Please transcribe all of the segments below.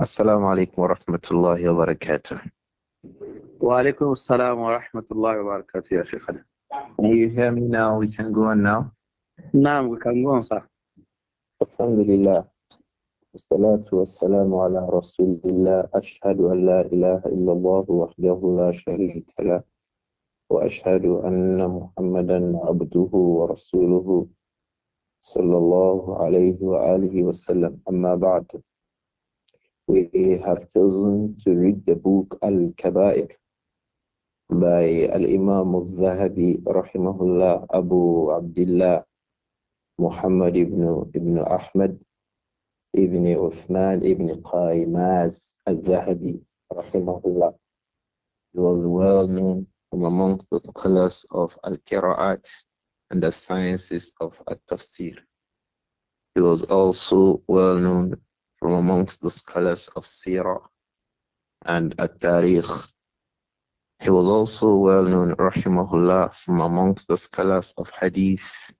السلام عليكم ورحمة الله وبركاته وعليكم السلام ورحمة الله وبركاته يا شيخ Can you hear me now? We can go on now? نعم we can go on sir الحمد لله والصلاة والسلام على رسول الله أشهد أن لا إله إلا الله وحده لا شريك له وأشهد أن محمدا عبده ورسوله صلى الله عليه وآله وسلم أما بعد we have chosen to read the book Al Kaba'ir by Al Imam al Zahabi, Rahimahullah, Abu Abdullah, Muhammad ibn, ibn Ahmad, ibn Uthman, ibn Qaymaz al Zahabi, Rahimahullah. He was well known from amongst the scholars of Al Qira'at and the sciences of Al Tafsir. He was also well known from amongst the scholars of Sirah and At-Tariq. He was also well known, rahimahullah, from amongst the scholars of Hadith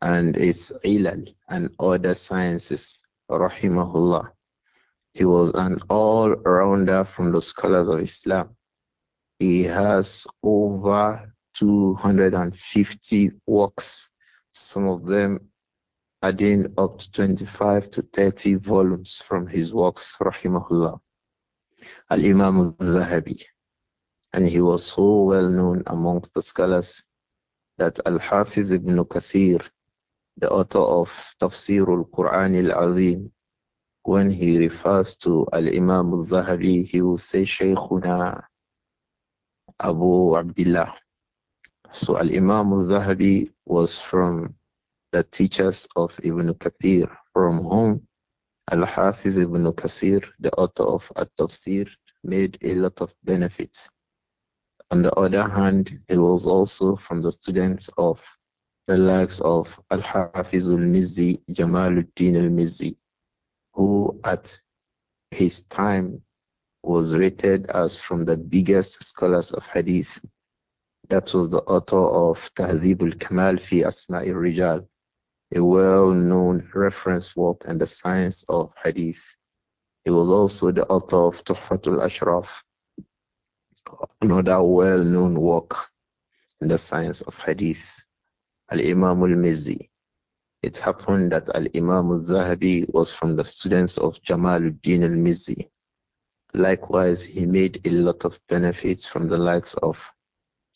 and its ilal and other sciences, rahimahullah. He was an all-rounder from the scholars of Islam. He has over 250 works, some of them adding up to 25 to 30 volumes from his works, rahimahullah, Al-Imam al-Zahabi. And he was so well known amongst the scholars that Al-Hafiz ibn Kathir, the author of Tafsir al-Quran al-Azim, when he refers to Al-Imam al-Zahabi, he will say Shaykhuna Abu Abdullah. So Al-Imam al-Zahabi was from the teachers of Ibn Kathir, from whom Al-Hafiz Ibn Kathir, the author of At-Tafsir, made a lot of benefits. On the other hand, he was also from the students of the likes of Al-Hafiz al-Mizzi, Jamaluddin al-Mizzi, who at his time was rated as from the biggest scholars of hadith. That was the author of Tahzib al-Kamal fi Asma'i Rijal a well-known reference work in the science of hadith. He was also the author of Tuhfatul Ashraf, another well-known work in the science of hadith. Al-Imam al-Mizzi. It happened that Al-Imam al-Zahabi was from the students of Jamaluddin al-Mizzi. Likewise, he made a lot of benefits from the likes of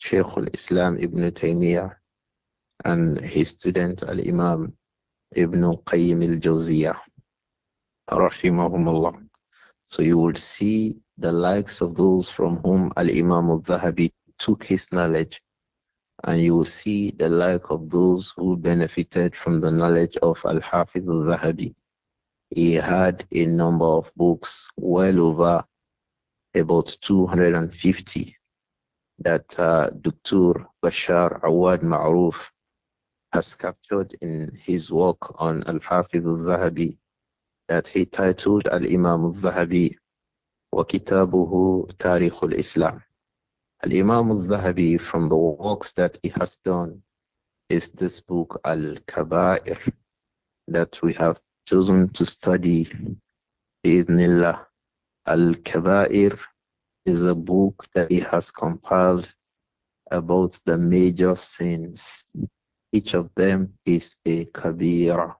Sheikhul al-Islam ibn Taymiyyah, and his student Al Imam Ibn Qayyim al Jawziyah, rahimahumullah. So you would see the likes of those from whom Al Imam al Zahabi took his knowledge, and you will see the like of those who benefited from the knowledge of Al Hafiz al Zahabi. He had a number of books, well over about 250, that uh, Dr. Bashar Awad Ma'ruf has captured in his work on Al-Hafiz al-Zahabi that he titled Al-Imam al-Zahabi wa kitabuhu Tarikh al-Islam. Al-Imam al-Zahabi from the works that he has done is this book Al-Kaba'ir that we have chosen to study Allah, Al-Kaba'ir is a book that he has compiled about the major sins each of them is a kabira,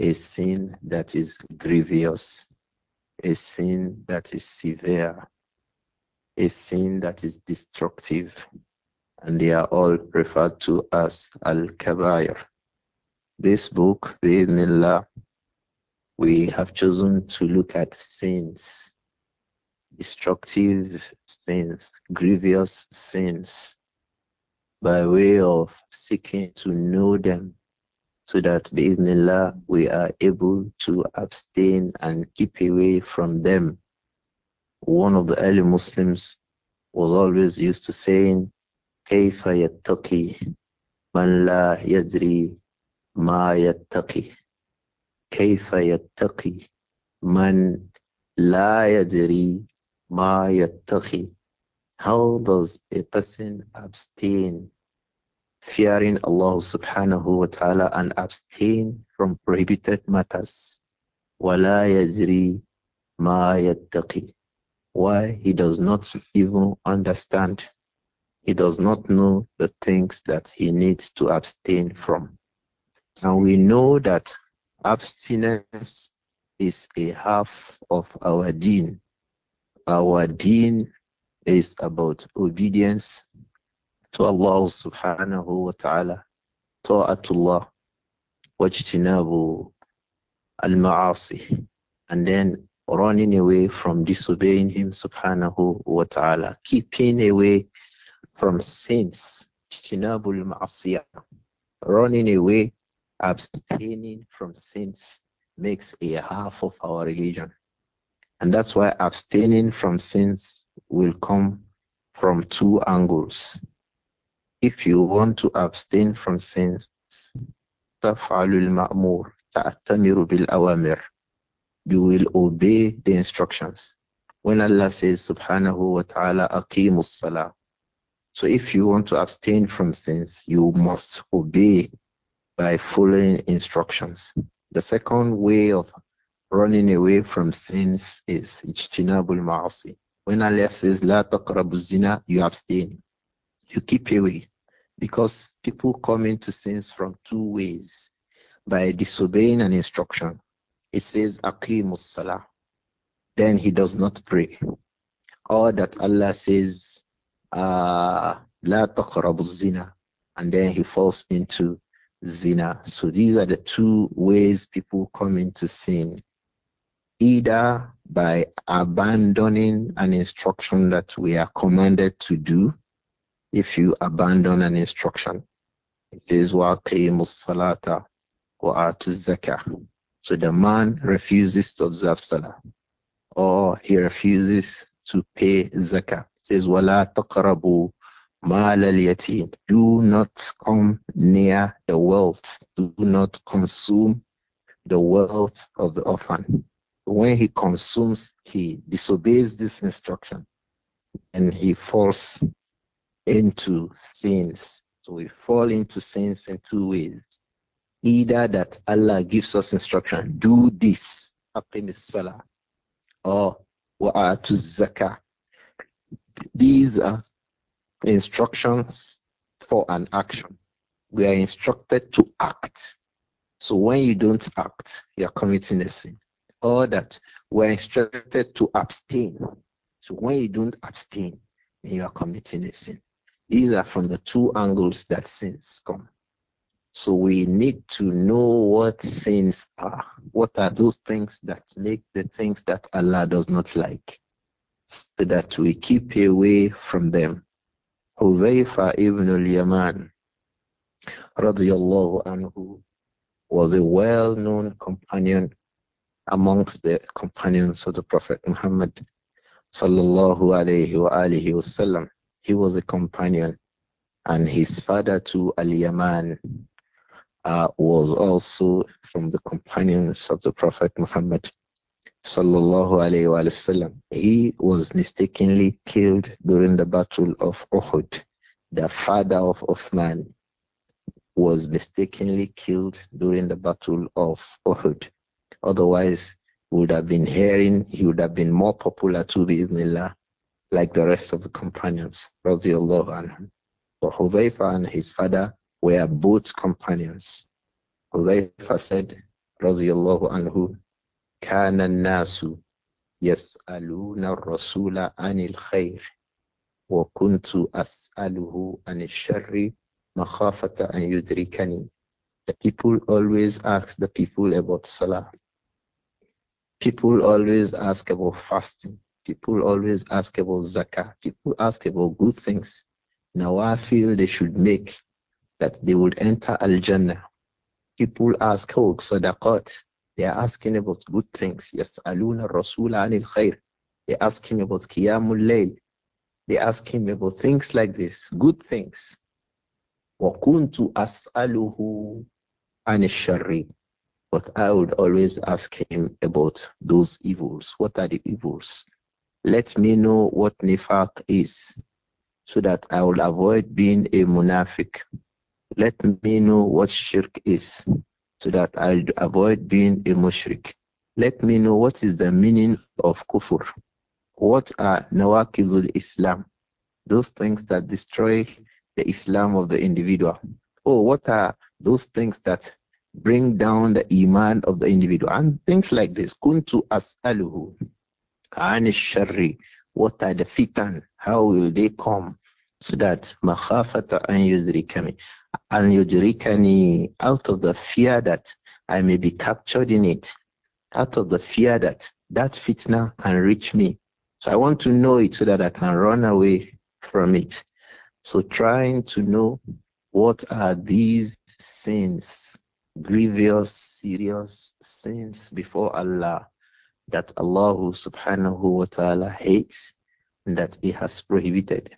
a sin that is grievous, a sin that is severe, a sin that is destructive, and they are all referred to as al kabair. This book, Bismillah, we have chosen to look at sins, destructive sins, grievous sins, by way of seeking to know them so that bi'idhnillah we are able to abstain and keep away from them. One of the early Muslims was always used to saying, كيف يتقي من لا يدري ما يتقي كيف يتقي من لا يدري ما يتقي how does a person abstain fearing Allah subhanahu wa ta'ala and abstain from prohibited matters? وَلَا يَجْرِي مَا Why he does not even understand, he does not know the things that he needs to abstain from. And we know that abstinence is a half of our deen. Our deen is about obedience to Allah subhanahu wa ta'ala, ta'atullah, wajtinabu al-ma'asi, and then running away from disobeying Him subhanahu wa ta'ala, keeping away from sins, jtinabul ma'asiyah, running away, abstaining from sins makes a half of our religion. And that's why abstaining from sins will come from two angles. If you want to abstain from sins, تفعل المأمور تأتمر بالأوامر You will obey the instructions. When Allah says subhanahu wa ta'ala aqimus salah. So if you want to abstain from sins, you must obey by following instructions. The second way of running away from sins is ijtinabul ma'asi. When Allah says, La taqrabu zina, you abstain. You keep away. Because people come into sins from two ways by disobeying an instruction. It says, Aqimus salah. Then he does not pray. Or that Allah says, uh, La taqrabu zina. And then he falls into zina. So these are the two ways people come into sin either by abandoning an instruction that we are commanded to do. If you abandon an instruction, it is waqimus salata wa atuz zakah. So the man refuses to observe salah, or he refuses to pay zakah. It says wala taqrabu mal al yatim. Do not come near the wealth. Do not consume the wealth of the orphan when he consumes, he disobeys this instruction and he falls into sins. So we fall into sins in two ways. Either that Allah gives us instruction, do this, aqimis salah, or wa'atu zakah. These are instructions for an action. We are instructed to act. So when you don't act, you are committing a sin. All that we're instructed to abstain. So when you don't abstain, you are committing a sin. These are from the two angles that sins come. So we need to know what sins are. What are those things that make the things that Allah does not like? So that we keep away from them. Hudhaifa ibn al-Yaman radiallahu anhu was a well-known companion amongst the companions of the Prophet Muhammad sallallahu alayhi wa alihi wasallam. He was a companion and his father too, Ali yaman uh, was also from the companions of the Prophet Muhammad sallallahu alayhi wa sallam. He was mistakenly killed during the Battle of Uhud. The father of Uthman was mistakenly killed during the Battle of Uhud. Otherwise, he would have been hearing, he would have been more popular to be Allah, like the rest of the companions, radiallahu anhum. For Hudhaifa and his father were both companions. Hudhaifa said, radiallahu anhu, كان الناس يسألون الرسول عن الخير وكنت أسأله عن الشر مخافة أن يدركني. The people always ask the people about Salah. People always ask about fasting. People always ask about zakah. People ask about good things. Now I feel they should make that they would enter Al Jannah. People ask, oh, sadaqat. They are asking about good things. Yes, aluna rasula anil khair. They ask him about qiyamul layl. They ask him about things like this, good things. وَكُنْتُ أَسْأَلُهُ عَنِ الشَّرِّ but I would always ask him about those evils. What are the evils? Let me know what nifak is so that I will avoid being a munafiq. Let me know what shirk is so that I'll avoid being a mushrik. Let me know what is the meaning of kufr. What are nawakizul Islam? Those things that destroy the Islam of the individual. Oh, what are those things that bring down the iman of the individual and things like this. Kuntu as'aluhu shari. What are the fitan? How will they come? So that makhafata an yudrikani an yudrikani out of the fear that I may be captured in it, out of the fear that that fitna can reach me. So I want to know it so that I can run away from it. So trying to know what are these sins grievous, serious sins before Allah that Allah subhanahu wa ta'ala hates and that He has prohibited,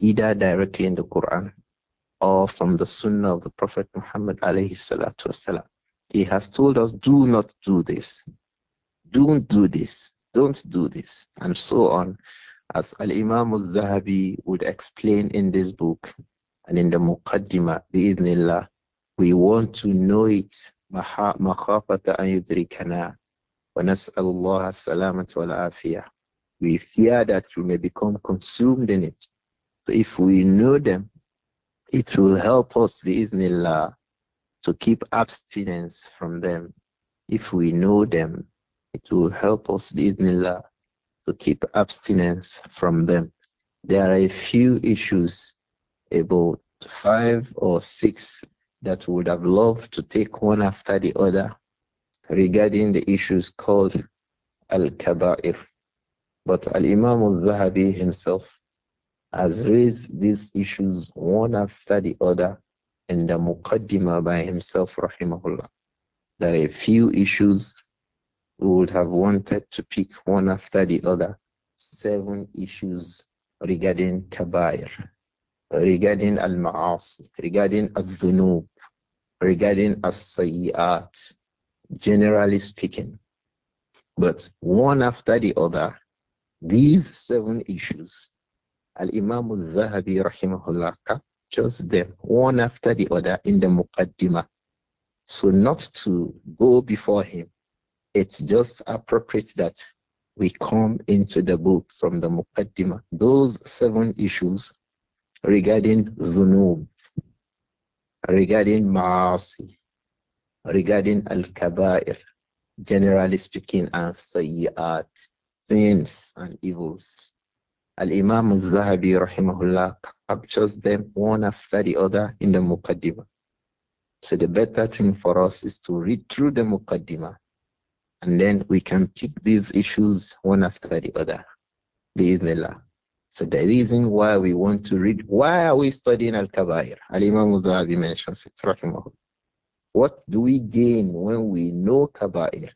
either directly in the Quran or from the Sunnah of the Prophet Muhammad alayhi salatu wasalam. He has told us, do not do this, don't do this, don't do this, and so on, as Al Imam al Zahabi would explain in this book and in the Muqaddimah, bi'idhnillah, we want to know it. مخافة أن يدركنا ونسأل الله We fear that we may become consumed in it. So if we know them, it will help us بإذن to keep abstinence from them. If we know them, it will help us بإذن to keep abstinence from them. There are a few issues, about five or six that would have loved to take one after the other regarding the issues called al-kaba'ir. But Al-Imam al-Zahabi himself has raised these issues one after the other in the Muqaddimah by himself, rahimahullah. There are a few issues we would have wanted to pick one after the other, seven issues regarding kaba'ir, regarding al-ma'as, regarding al zunub regarding as generally speaking. But one after the other, these seven issues, Al-Imam al-Zahabi rahimahullah captures them one after the other in the Muqaddimah. So not to go before him, it's just appropriate that we come into the book from the Muqaddimah. Those seven issues regarding Zunub, regarding ma'asi, regarding al-kaba'ir, generally speaking, and sayyat, sins and evils. Al-Imam al-Zahabi rahimahullah captures them one after the other in the Muqaddimah. So the better thing for us is to read through the Muqaddimah and then we can pick these issues one after the other. Bismillah. So the reason why we want to read, why are we studying Al-Kabair? Al-Imam Dhabi mentions it, What do we gain when we know Kabair?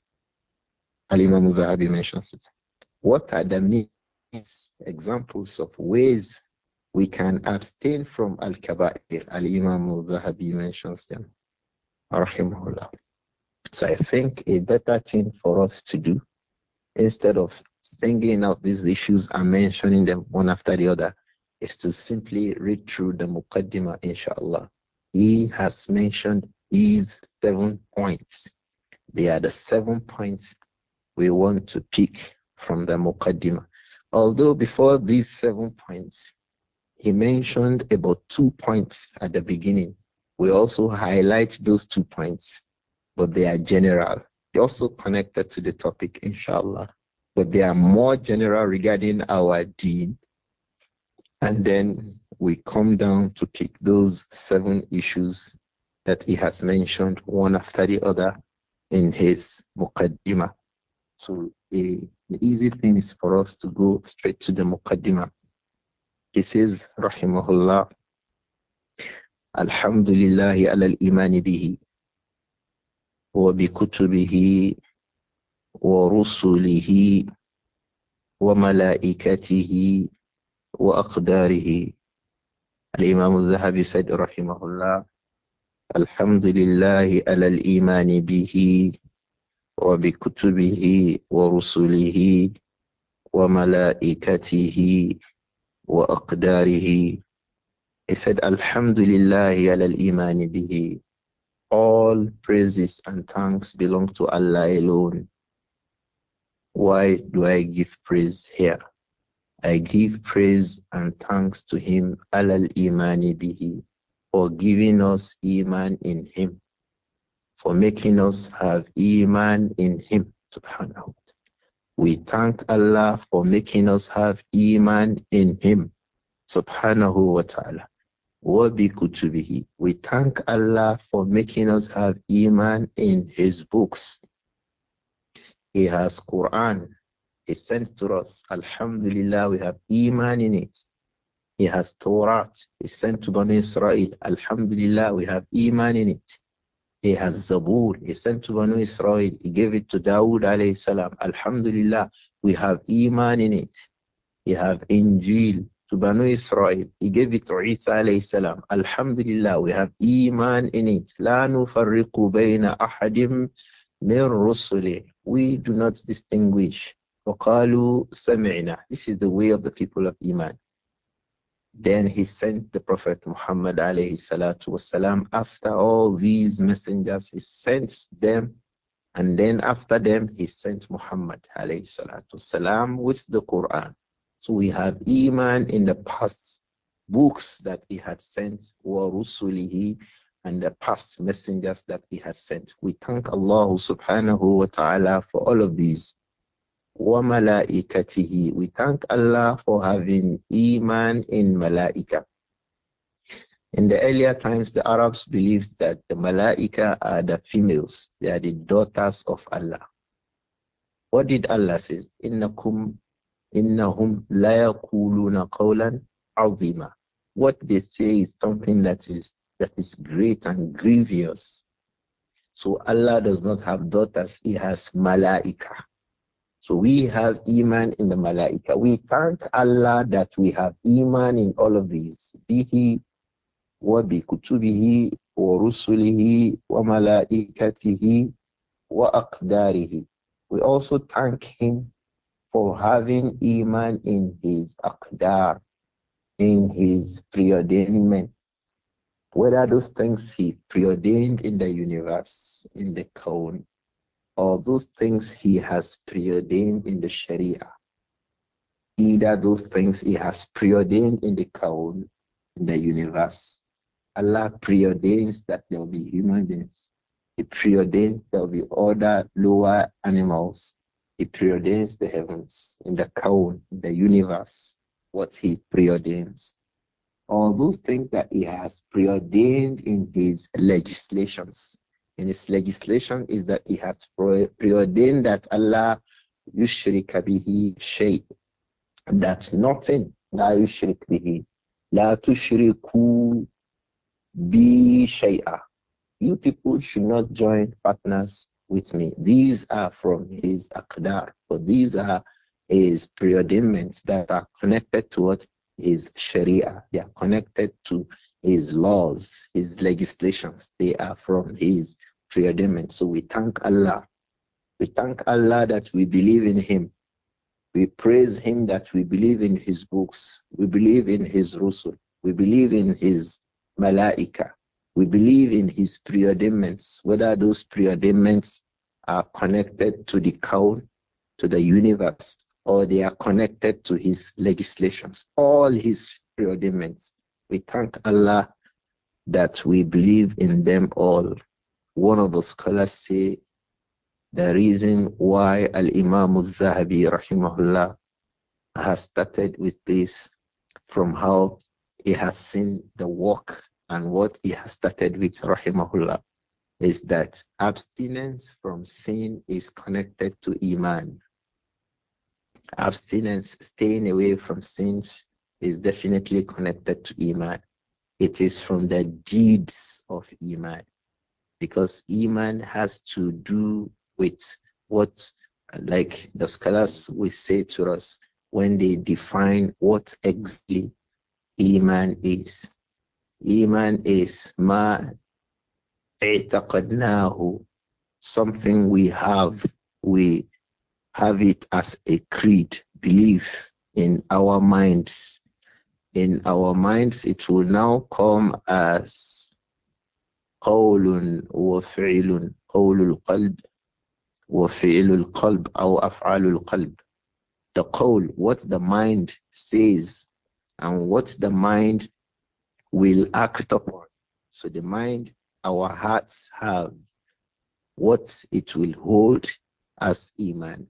Al-Imam Dhabi mentions it. What are the means, examples of ways we can abstain from Al-Kabair? Al-Imam Dhabi mentions them, rahimahullah. So I think a better thing for us to do instead of singing out these issues and mentioning them one after the other is to simply read through the Mukaddima. inshallah. He has mentioned these seven points. They are the seven points we want to pick from the Mukaddima. Although before these seven points, he mentioned about two points at the beginning. We also highlight those two points, but they are general. They also connected to the topic, inshallah but they are more general regarding our deen. And then we come down to pick those seven issues that he has mentioned one after the other in his Muqaddimah. So a, the easy thing is for us to go straight to the Muqaddimah. He says, Rahimahullah, Alhamdulillahi ala al-imani bihi wa bi kutubihi ورسله وملائكته وأقداره الإمام الذهبي سيد رحمه الله الحمد لله على الإيمان به وبكتبه ورسله وملائكته وأقداره He said, Alhamdulillah alal imani bihi. All praises and thanks belong to Allah alone. Why do I give praise here? I give praise and thanks to him, Alal Imani Bihi, for giving us Iman in him, for making us have Iman in him, subhanahu We thank Allah for making us have Iman in him, subhanahu wa ta'ala. kutubihi. We thank Allah for making us have Iman in his books, he has Quran. He sent to us. Alhamdulillah, we have Iman in it. He has Torah. He sent to Bani Israel. Alhamdulillah, we have Iman in it. He has Zabur. He sent to Banu Israel. He gave it to Dawood alayhi salam. Alhamdulillah, we have Iman in it. He have Injil to Banu Israel. He gave it to Isa alayhi salam. Alhamdulillah, we have Iman in it. لا نفرق بين أحد rusuli. We do not distinguish. This is the way of the people of Iman. Then he sent the Prophet Muhammad alayhi salatu wasalam. After all these messengers, he sent them. And then after them, he sent Muhammad alayhi salatu wasalam with the Quran. So we have Iman in the past books that he had sent, and the past messengers that he has sent. We thank Allah subhanahu wa ta'ala for all of these. Wa malaikatihi. We thank Allah for having iman in malaika. In the earlier times, the Arabs believed that the malaika are the females. They are the daughters of Allah. What did Allah say? Innakum, innahum la yaquluna qawlan azima. What they say is something that is that is great and grievous. So Allah does not have daughters, He has malaika. So we have iman in the malaika. We thank Allah that we have iman in all of these. Bihi wa bi kutubihi wa rusulihi wa malaikatihi wa aqdarihi. We also thank Him for having iman in His aqdar, in His preordainment whether those things he preordained in the universe, in the cone, or those things he has preordained in the Sharia. Either those things he has preordained in the cone, in the universe. Allah preordains that there will be human beings. He preordains there will be other lower animals. He preordains the heavens, in the cone, in the universe, what he preordains. All those things that he has preordained in his legislations. In his legislation is that he has preordained that Allah yushrika bihi shay, that nothing, la yushrik bihi, la tushriku bi shay'a. You people should not join partners with me. These are from his akhbar, but these are his preordainments that are connected to what his sharia, they are connected to his laws, his legislations, they are from his preordainment. So we thank Allah. We thank Allah that we believe in him. We praise him that we believe in his books. We believe in his rusul. We believe in his malaika. We believe in his preordainments, whether those preordainments are connected to the kaun, to the universe, or they are connected to his legislations, all his preordinations. We thank Allah that we believe in them all. One of the scholars say the reason why Al Imam al Zahabi rahimahullah has started with this from how he has seen the work and what he has started with rahimahullah is that abstinence from sin is connected to iman abstinence, staying away from sins, is definitely connected to Iman. It is from the deeds of Iman. Because Iman has to do with what, like the scholars will say to us when they define what exactly Iman is. Iman is ma something we have, we have it as a creed, belief in our minds. In our minds, it will now come as قول وفعل قول القلب وفعل القلب أو أفعال القلب the قول what the mind says and what the mind will act upon so the mind our hearts have what it will hold as iman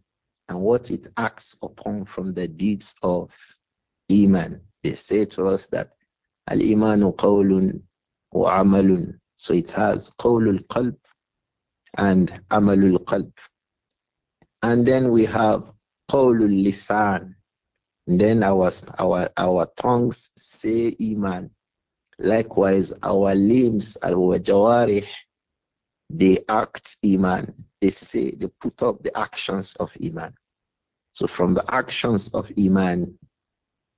and what it acts upon from the deeds of Iman. They say to us that Al Imanu Qawlun wa Amalun. So it has Qawlul Qalb and Amalul Qalb. And then we have Qawlul Lisan. then our, our, our tongues say Iman. Likewise, our limbs, our jawarih, they act Iman. They say, they put up the actions of Iman. So from the actions of Iman,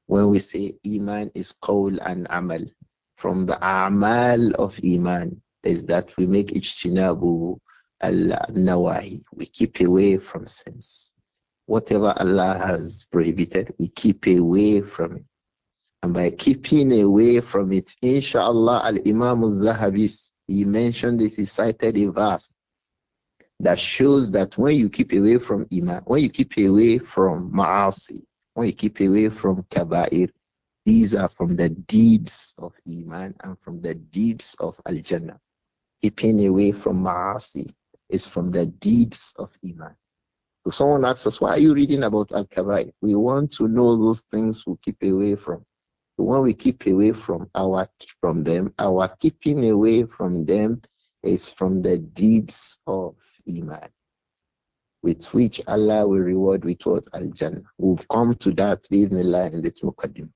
when we say Iman is Qawl and Amal, from the Amal of Iman is that we make Ijtinabu al-Nawahi. We keep away from sins. Whatever Allah has prohibited, we keep away from it. And by keeping away from it, inshallah, al-Imam al-Zahabi he mentioned this, he cited a verse that shows that when you keep away from Iman, when you keep away from Ma'asi, when you keep away from Kaba'ir, these are from the deeds of Iman and from the deeds of Al Jannah. Keeping away from Ma'asi is from the deeds of Iman. So someone asks us, why are you reading about Al Kaba'ir? We want to know those things we keep away from when we keep away from our from them, our keeping away from them is from the deeds of Iman, with which Allah will reward with what Al Jannah. We've come to that in the line in the Mukaddim.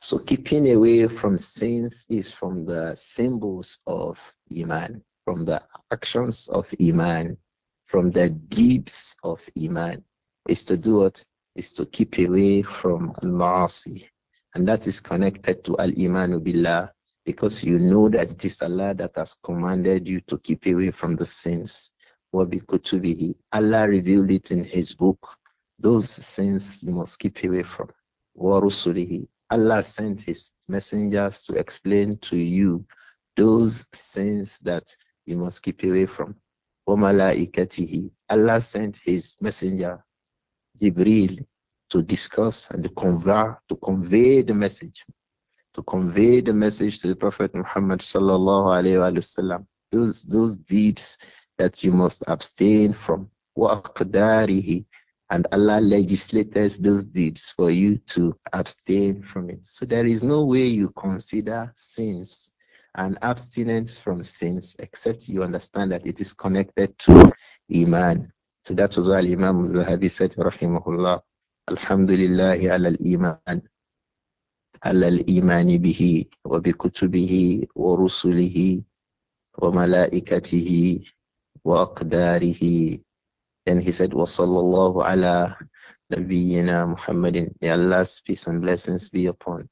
So keeping away from sins is from the symbols of Iman, from the actions of Iman, from the deeds of Iman. Is to do what? Is to keep away from al-masi. And that is connected to Al Imanu Billah because you know that it is Allah that has commanded you to keep away from the sins. Allah revealed it in His book. Those sins you must keep away from. Allah sent His messengers to explain to you those sins that you must keep away from. Allah sent His messenger, Jibril, to discuss and to convey, to convey the message, to convey the message to the Prophet Muhammad sallallahu alaihi wasallam. Those those deeds that you must abstain from. وَأَقْدَارِهِ and Allah legislates those deeds for you to abstain from it. So there is no way you consider sins and abstinence from sins except you understand that it is connected to Iman. So that was why Imam Zahabi said, Rahimahullah, الحمد لله على الإيمان على الإيمان به وبكتبه ورسله وملائكته وأقداره Then he said, وَصَلَّى ala nabiyyina Muhammadin. May Allah's peace and blessings be upon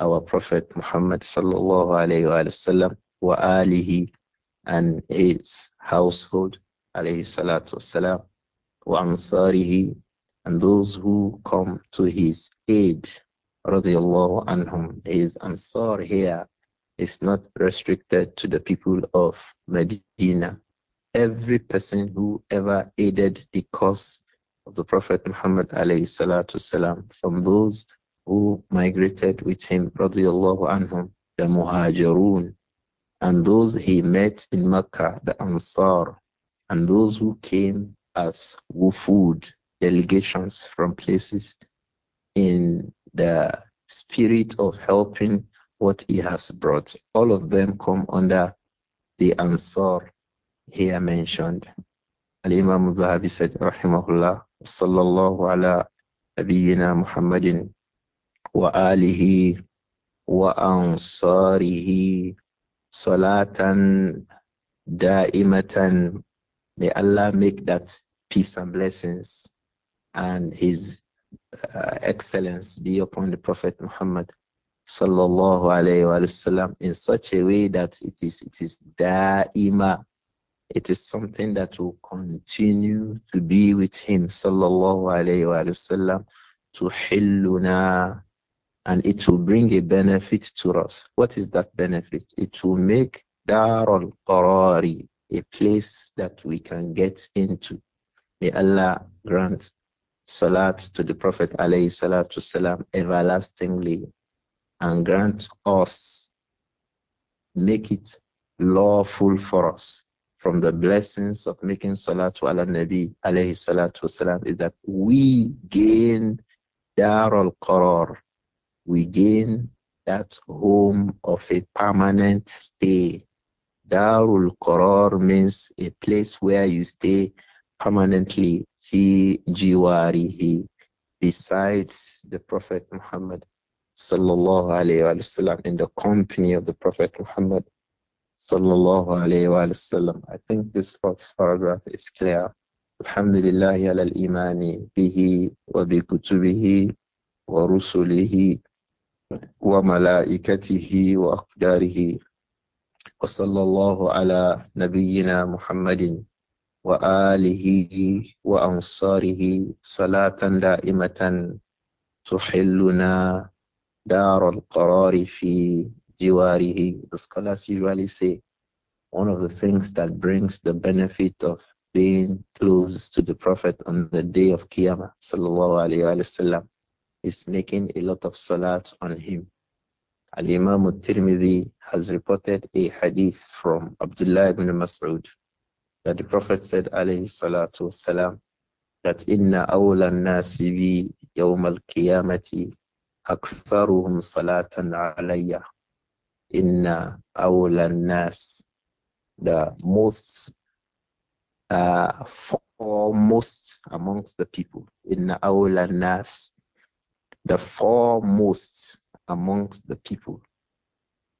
our Prophet Muhammad sallallahu alayhi wa sallam wa and his household alayhi salatu wasalam wa ansarihi and those who come to his aid. Radiallahu anhum. His ansar here is not restricted to the people of Medina. Every person who ever aided the cause of the Prophet Muhammad والسلام, from those who migrated with him, radiallahu anhum, the Muhajirun, and those he met in Mecca, the Ansar, and those who came as wufud, delegations from places in the spirit of helping what he has brought. All of them come under the Ansar here mentioned. Al Imam Zahabi said, Rahimahullah, Sallallahu ala Nabiyyina Muhammadin wa alihi wa ansarihi salatan da'imatan. May Allah make that peace and blessings and his uh, excellence be upon the Prophet Muhammad sallallahu alayhi sallam, in such a way that it is it is daima it is something that will continue to be with him sallallahu alayhi wa sallam, to hilluna and it will bring a benefit to us what is that benefit it will make dar al qarari a place that we can get into may allah grant salat to the Prophet alayhi salatu salam everlastingly and grant us, make it lawful for us. From the blessings of making salatu ala nabi alayhi salatu salam is that we gain Darul qarar. We gain that home of a permanent stay. Darul Qarar means a place where you stay permanently he jiwarihi besides the prophet muhammad sallallahu alaihi wasallam in the company of the prophet muhammad sallallahu alaihi wasallam i think this first paragraph is clear alhamdulillah ala al-iman bihi wa bi kutubihi wa rusulihi wa malaikatihi wa aqdarihi wa sallallahu ala nabiyyina muhammadin وآله وأنصاره صلاة دائمة تحلنا دار القرار في جواره. The scholars usually say one of the things that brings the benefit of being close to the Prophet on the day of Qiyamah sallallahu alayhi is making a lot of salat on him. Al-Imam al-Tirmidhi has reported a hadith from Abdullah ibn Mas'ud that the Prophet said, alayhi salatu wasalam, that inna awlan nasi yawm al-qiyamati aktharuhum salatan alayya. Inna awlan nas, the most uh, foremost amongst the people. Inna awlan nas, the foremost amongst the people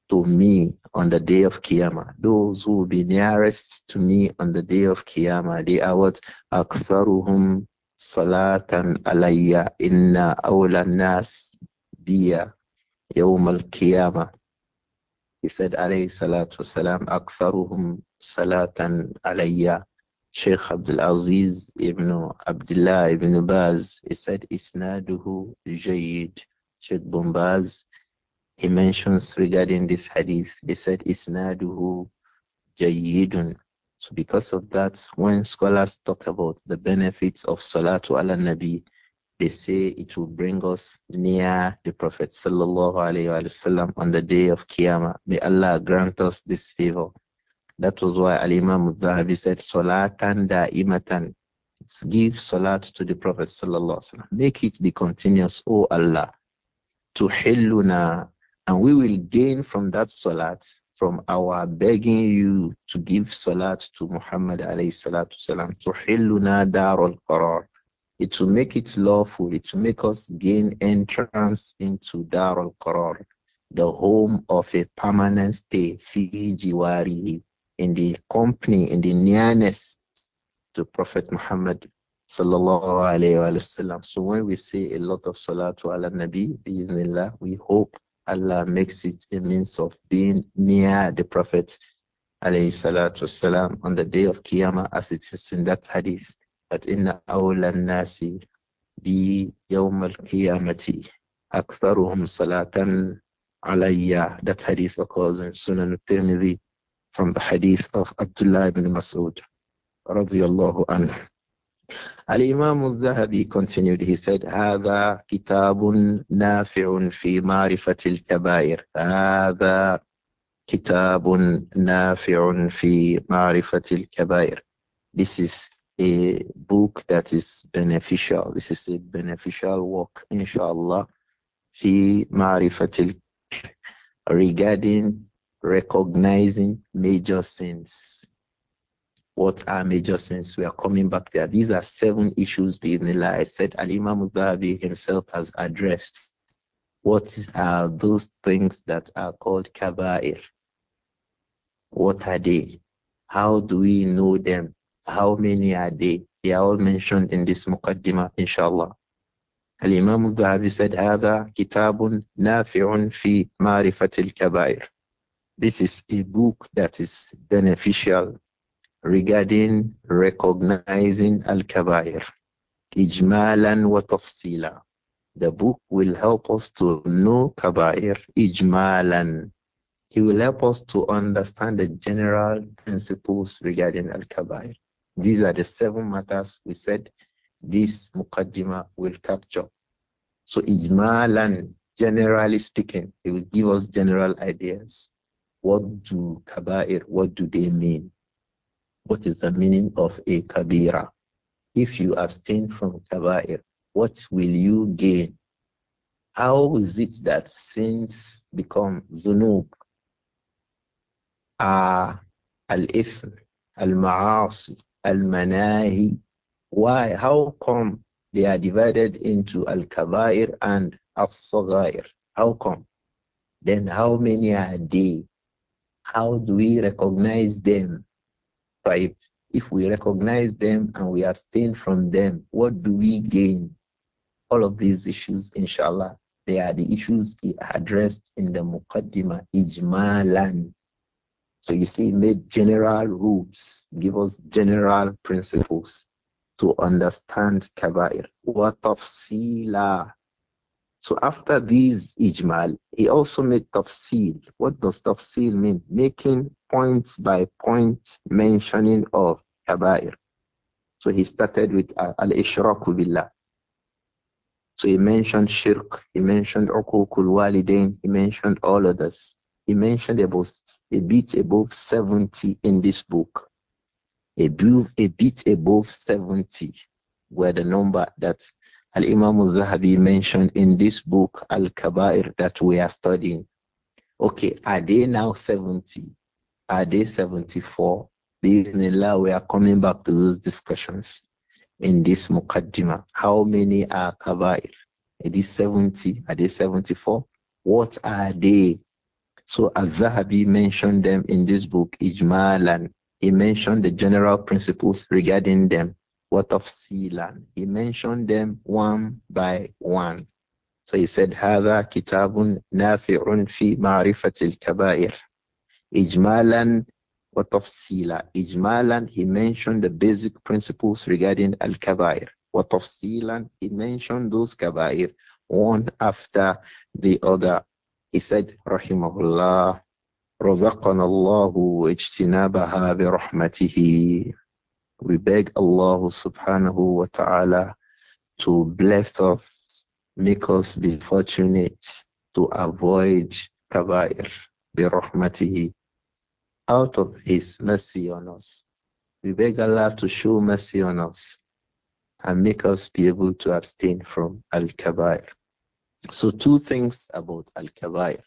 to me on the day of Qiyamah. Those who will be nearest to me on the day of Qiyamah, they are what? Aktharuhum salatan alayya inna awla nas biya yawm al-Qiyamah. He said, alayhi salatu salam." aktharuhum salatan alayya. Sheikh Abdul Aziz ibn Abdullah ibn Baz, he said, isnaduhu jayid." Sheikh Bumbaz he mentions regarding this hadith. He said, Isnaduhu Jayidun. So because of that, when scholars talk about the benefits of Salatu ala Nabi, they say it will bring us near the Prophet Sallallahu Alaihi Wasallam on the day of Qiyamah. May Allah grant us this favor. That was why Al Imam Dhahabi said, Salatan imatan." Give salat to the Prophet Sallallahu Alaihi Wasallam. Make it be continuous, O Allah. Tuhilluna and we will gain from that salat, from our begging you to give salat to Muhammad alayhi salatu salam, to hilluna dar al qarar. It will make it lawful, it will make us gain entrance into dar al qarar, the home of a permanent stay, fi in the company, in the nearness to Prophet Muhammad sallallahu alayhi wa sallam. So when we say a lot of salatu ala nabi, Bismillah, we hope Allah makes it a means of being near the Prophet والسلام, on the day of Qiyamah, as it is in that hadith, that inna awla nasi bi yawm al qiyamati aktharuhum salatan alayya. That hadith occurs in Sunan al-Tirmidhi from the hadith of Abdullah ibn Mas'ud radiyallahu anhu. Al Imam al Zahabi continued, he said, This is a book that is beneficial. This is a beneficial work, inshallah, في معرفة regarding recognizing major sins. What are major sins? We are coming back there. These are seven issues Bismillah. I said Al Imam himself has addressed. What are those things that are called kaba'ir? What are they? How do we know them? How many are they? They are all mentioned in this muqaddimah, inshallah. al الذهبي said هذا كتاب نافع في معرفة الكبائر This is a book that is beneficial regarding recognizing al-kabair, ijmalan wa tafsila. The book will help us to know kabair ijmalan. it will help us to understand the general principles regarding al-kabair. These are the seven matters we said this mukaddima will capture. So ijmalan, generally speaking, it will give us general ideas. What do kabair, what do they mean? What is the meaning of a kabira? If you abstain from kabair, what will you gain? How is it that sins become zunub? Ah, al-ithm, al-ma'asi, al-manahi. Why? How come they are divided into al-kabair and al-sagair? How come? Then how many are they? How do we recognize them? Taib. If we recognize them and we abstain from them, what do we gain? All of these issues, inshallah, they are the issues addressed in the Muqaddimah Ijmalan. So you see, made general rules, give us general principles to understand Kabair. What of Sila? So after these ijmal, he also made tafsil. What does tafsil mean? Making points by point mentioning of kabair. So he started with uh, al-ishraku billah. So he mentioned shirk, he mentioned ukukul walidain, he mentioned all others. He mentioned about a bit above 70 in this book. A, a bit above 70 were the number that Al Imam al Zahabi mentioned in this book, Al Kaba'ir, that we are studying. Okay, are they now 70? Are they 74? Bismillah, we are coming back to those discussions in this Muqaddimah. How many are Kaba'ir? Are they 70? Are they 74? What are they? So Al-Zahabi mentioned them in this book, Ijmalan. He mentioned the general principles regarding them. What of Silan? He mentioned them one by one. So he said, هذا كتاب نافع في معرفة الكبائر إجمالا وتفصيلا إجمالا he mentioned the basic principles regarding al-kabair وتفصيلا he mentioned those kabair one after the other he said رحمه الله رزقنا الله اجتنابها برحمته we beg Allah subhanahu wa ta'ala to bless us, make us be fortunate to avoid kabair bi rahmatihi out of his mercy on us. We beg Allah to show mercy on us and make us be able to abstain from al kabair. So two things about al kabair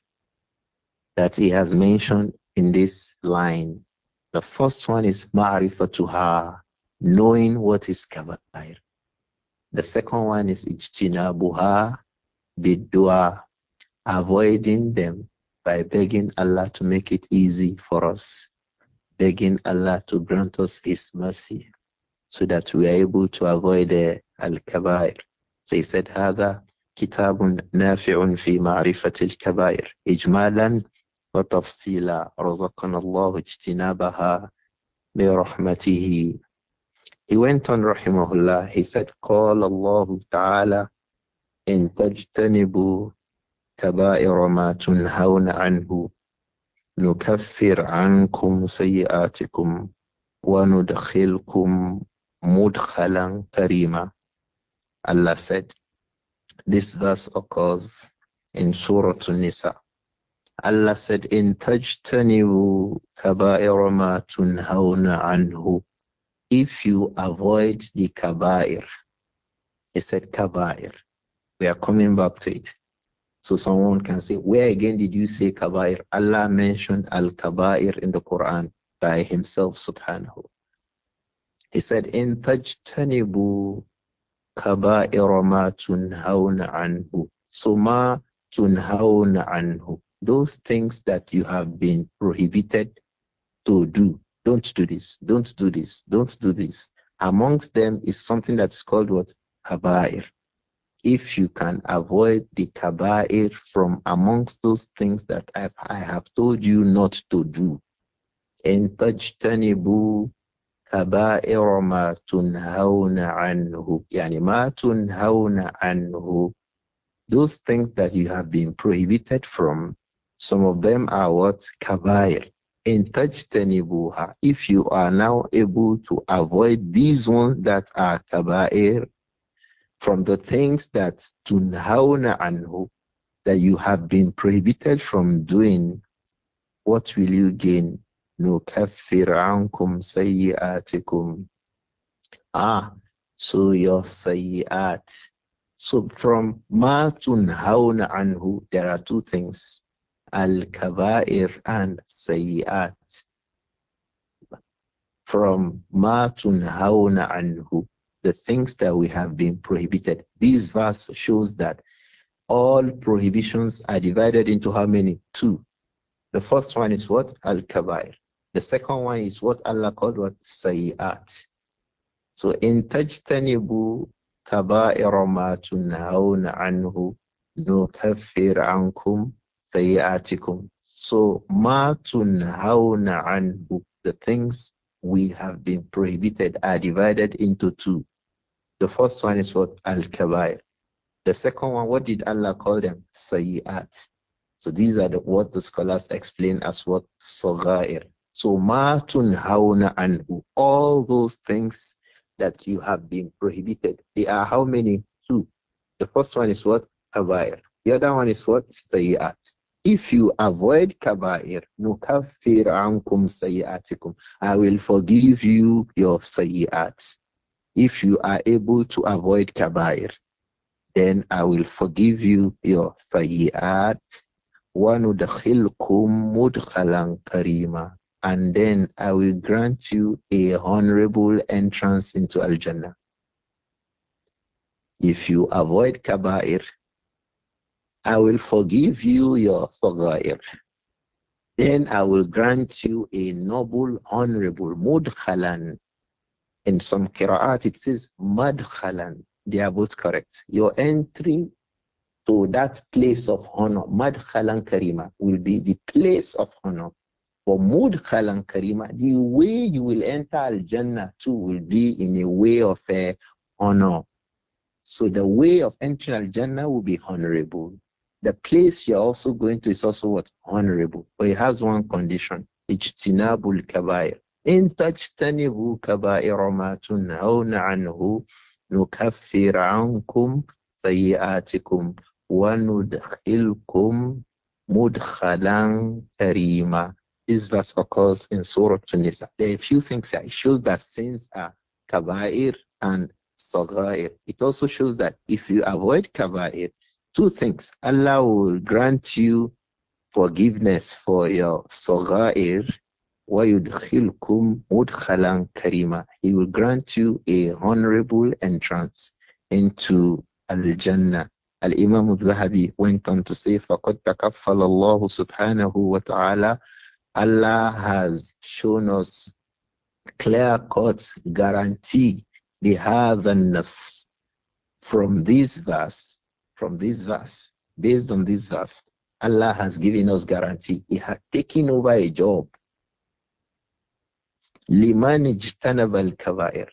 that he has mentioned in this line the first one is ma'rifatuha, knowing what is kabair. The second one is ijtinabuha bidua, avoiding them by begging Allah to make it easy for us, begging Allah to grant us His mercy so that we are able to avoid the uh, al-kabair. So he said, هذا كتاب نافع في معرفة الكبائر إجمالا وتفصيلا رزقنا الله اجتنابها برحمته He went on رحمه الله. he said قال الله تعالى إن تجتنبوا كبائر ما تنهون عنه نكفر عنكم سيئاتكم وندخلكم مدخلا كريما Allah said this verse occurs in Surah An-Nisa Allah said, In tajtanibu kaba'irama tunhauna anhu. If you avoid the kaba'ir, he said kaba'ir. We are coming back to it. So someone can say, where again did you say kaba'ir? Allah mentioned al-kaba'ir in the Quran by himself, subhanahu. He said, in tajtanibu kaba'ir ma tunhauna anhu. So ma tunhauna anhu. Those things that you have been prohibited to do. Don't do this. Don't do this. Don't do this. Amongst them is something that's called what? Kabair. If you can avoid the kabair from amongst those things that I've, I have told you not to do, and tajtanibu كبائر ما tunhauna anhu يعني ma tunhauna anhu. those things that you have been prohibited from some of them are what? Kabair. In tenibuha. If you are now able to avoid these ones that are kabair from the things that tunhauna anhu, that you have been prohibited from doing, what will you gain? nukaffir ankum sayyi'atikum. Ah, so your sayyi'at. So from ma tunhauna anhu, there are two things al-kaba'ir and sayyat from ma tunhauna anhu the things that we have been prohibited this verse shows that all prohibitions are divided into how many two the first one is what al-kaba'ir the second one is what Allah called what sayyat so in tajtanibu kaba'ir ma tunhauna anhu no نكفر ankum Sayyātīkum. so ma tunhauna عنه the things we have been prohibited are divided into two the first one is what al-kabair the second one what did Allah call them Sayyāt. so these are the, what the scholars explain as what sagair so ma tunhauna anhu all those things that you have been prohibited they are how many two the first one is what kabair the other one is what sayyāt. If you avoid kaba'ir, nukaffir ankum sayyatikum. I will forgive you your sayyat. If you are able to avoid kaba'ir, then I will forgive you your sayyat. وَنُدْخِلْكُمْ مُدْخَلًا كَرِيمًا And then I will grant you a honorable entrance into Al-Jannah. If you avoid kaba'ir, I will forgive you your sagair. Then I will grant you a noble, honorable mudkhalan. In some qira'at it says madkhalan. They are both correct. Your entry to that place of honor, madkhalan karima, will be the place of honor. For mudkhalan karima, the way you will enter al-jannah too will be in a way of uh, honor. So the way of entering Al Jannah will be honorable the place you're also going to is also what? Honorable. But it has one condition. Ijtinabul kabair. In إن تجتنبوا كبائر ما تنهون عنه نكفر عنكم سيئاتكم وندخلكم مدخلا كريما This verse occurs in Surah Tunisa. There are a few things that it shows that sins are kabair and sagair. It also shows that if you avoid kabair, Two things. Allah will grant you forgiveness for your saghair وَيُدْخِلْكُمْ مُدْخَلًا كَرِيمًا He will grant you a honorable entrance into Al-Jannah. Al-Imam al-Zahabi went on to say, فَقَدْ تَكَفَّلَ اللَّهُ سُبْحَانَهُ وَتَعَالَى Allah has shown us clear-cut guarantee the النَّص From this verse, from this verse, based on this verse, Allah has given us guarantee. He has taken over a job. Liman al kabair.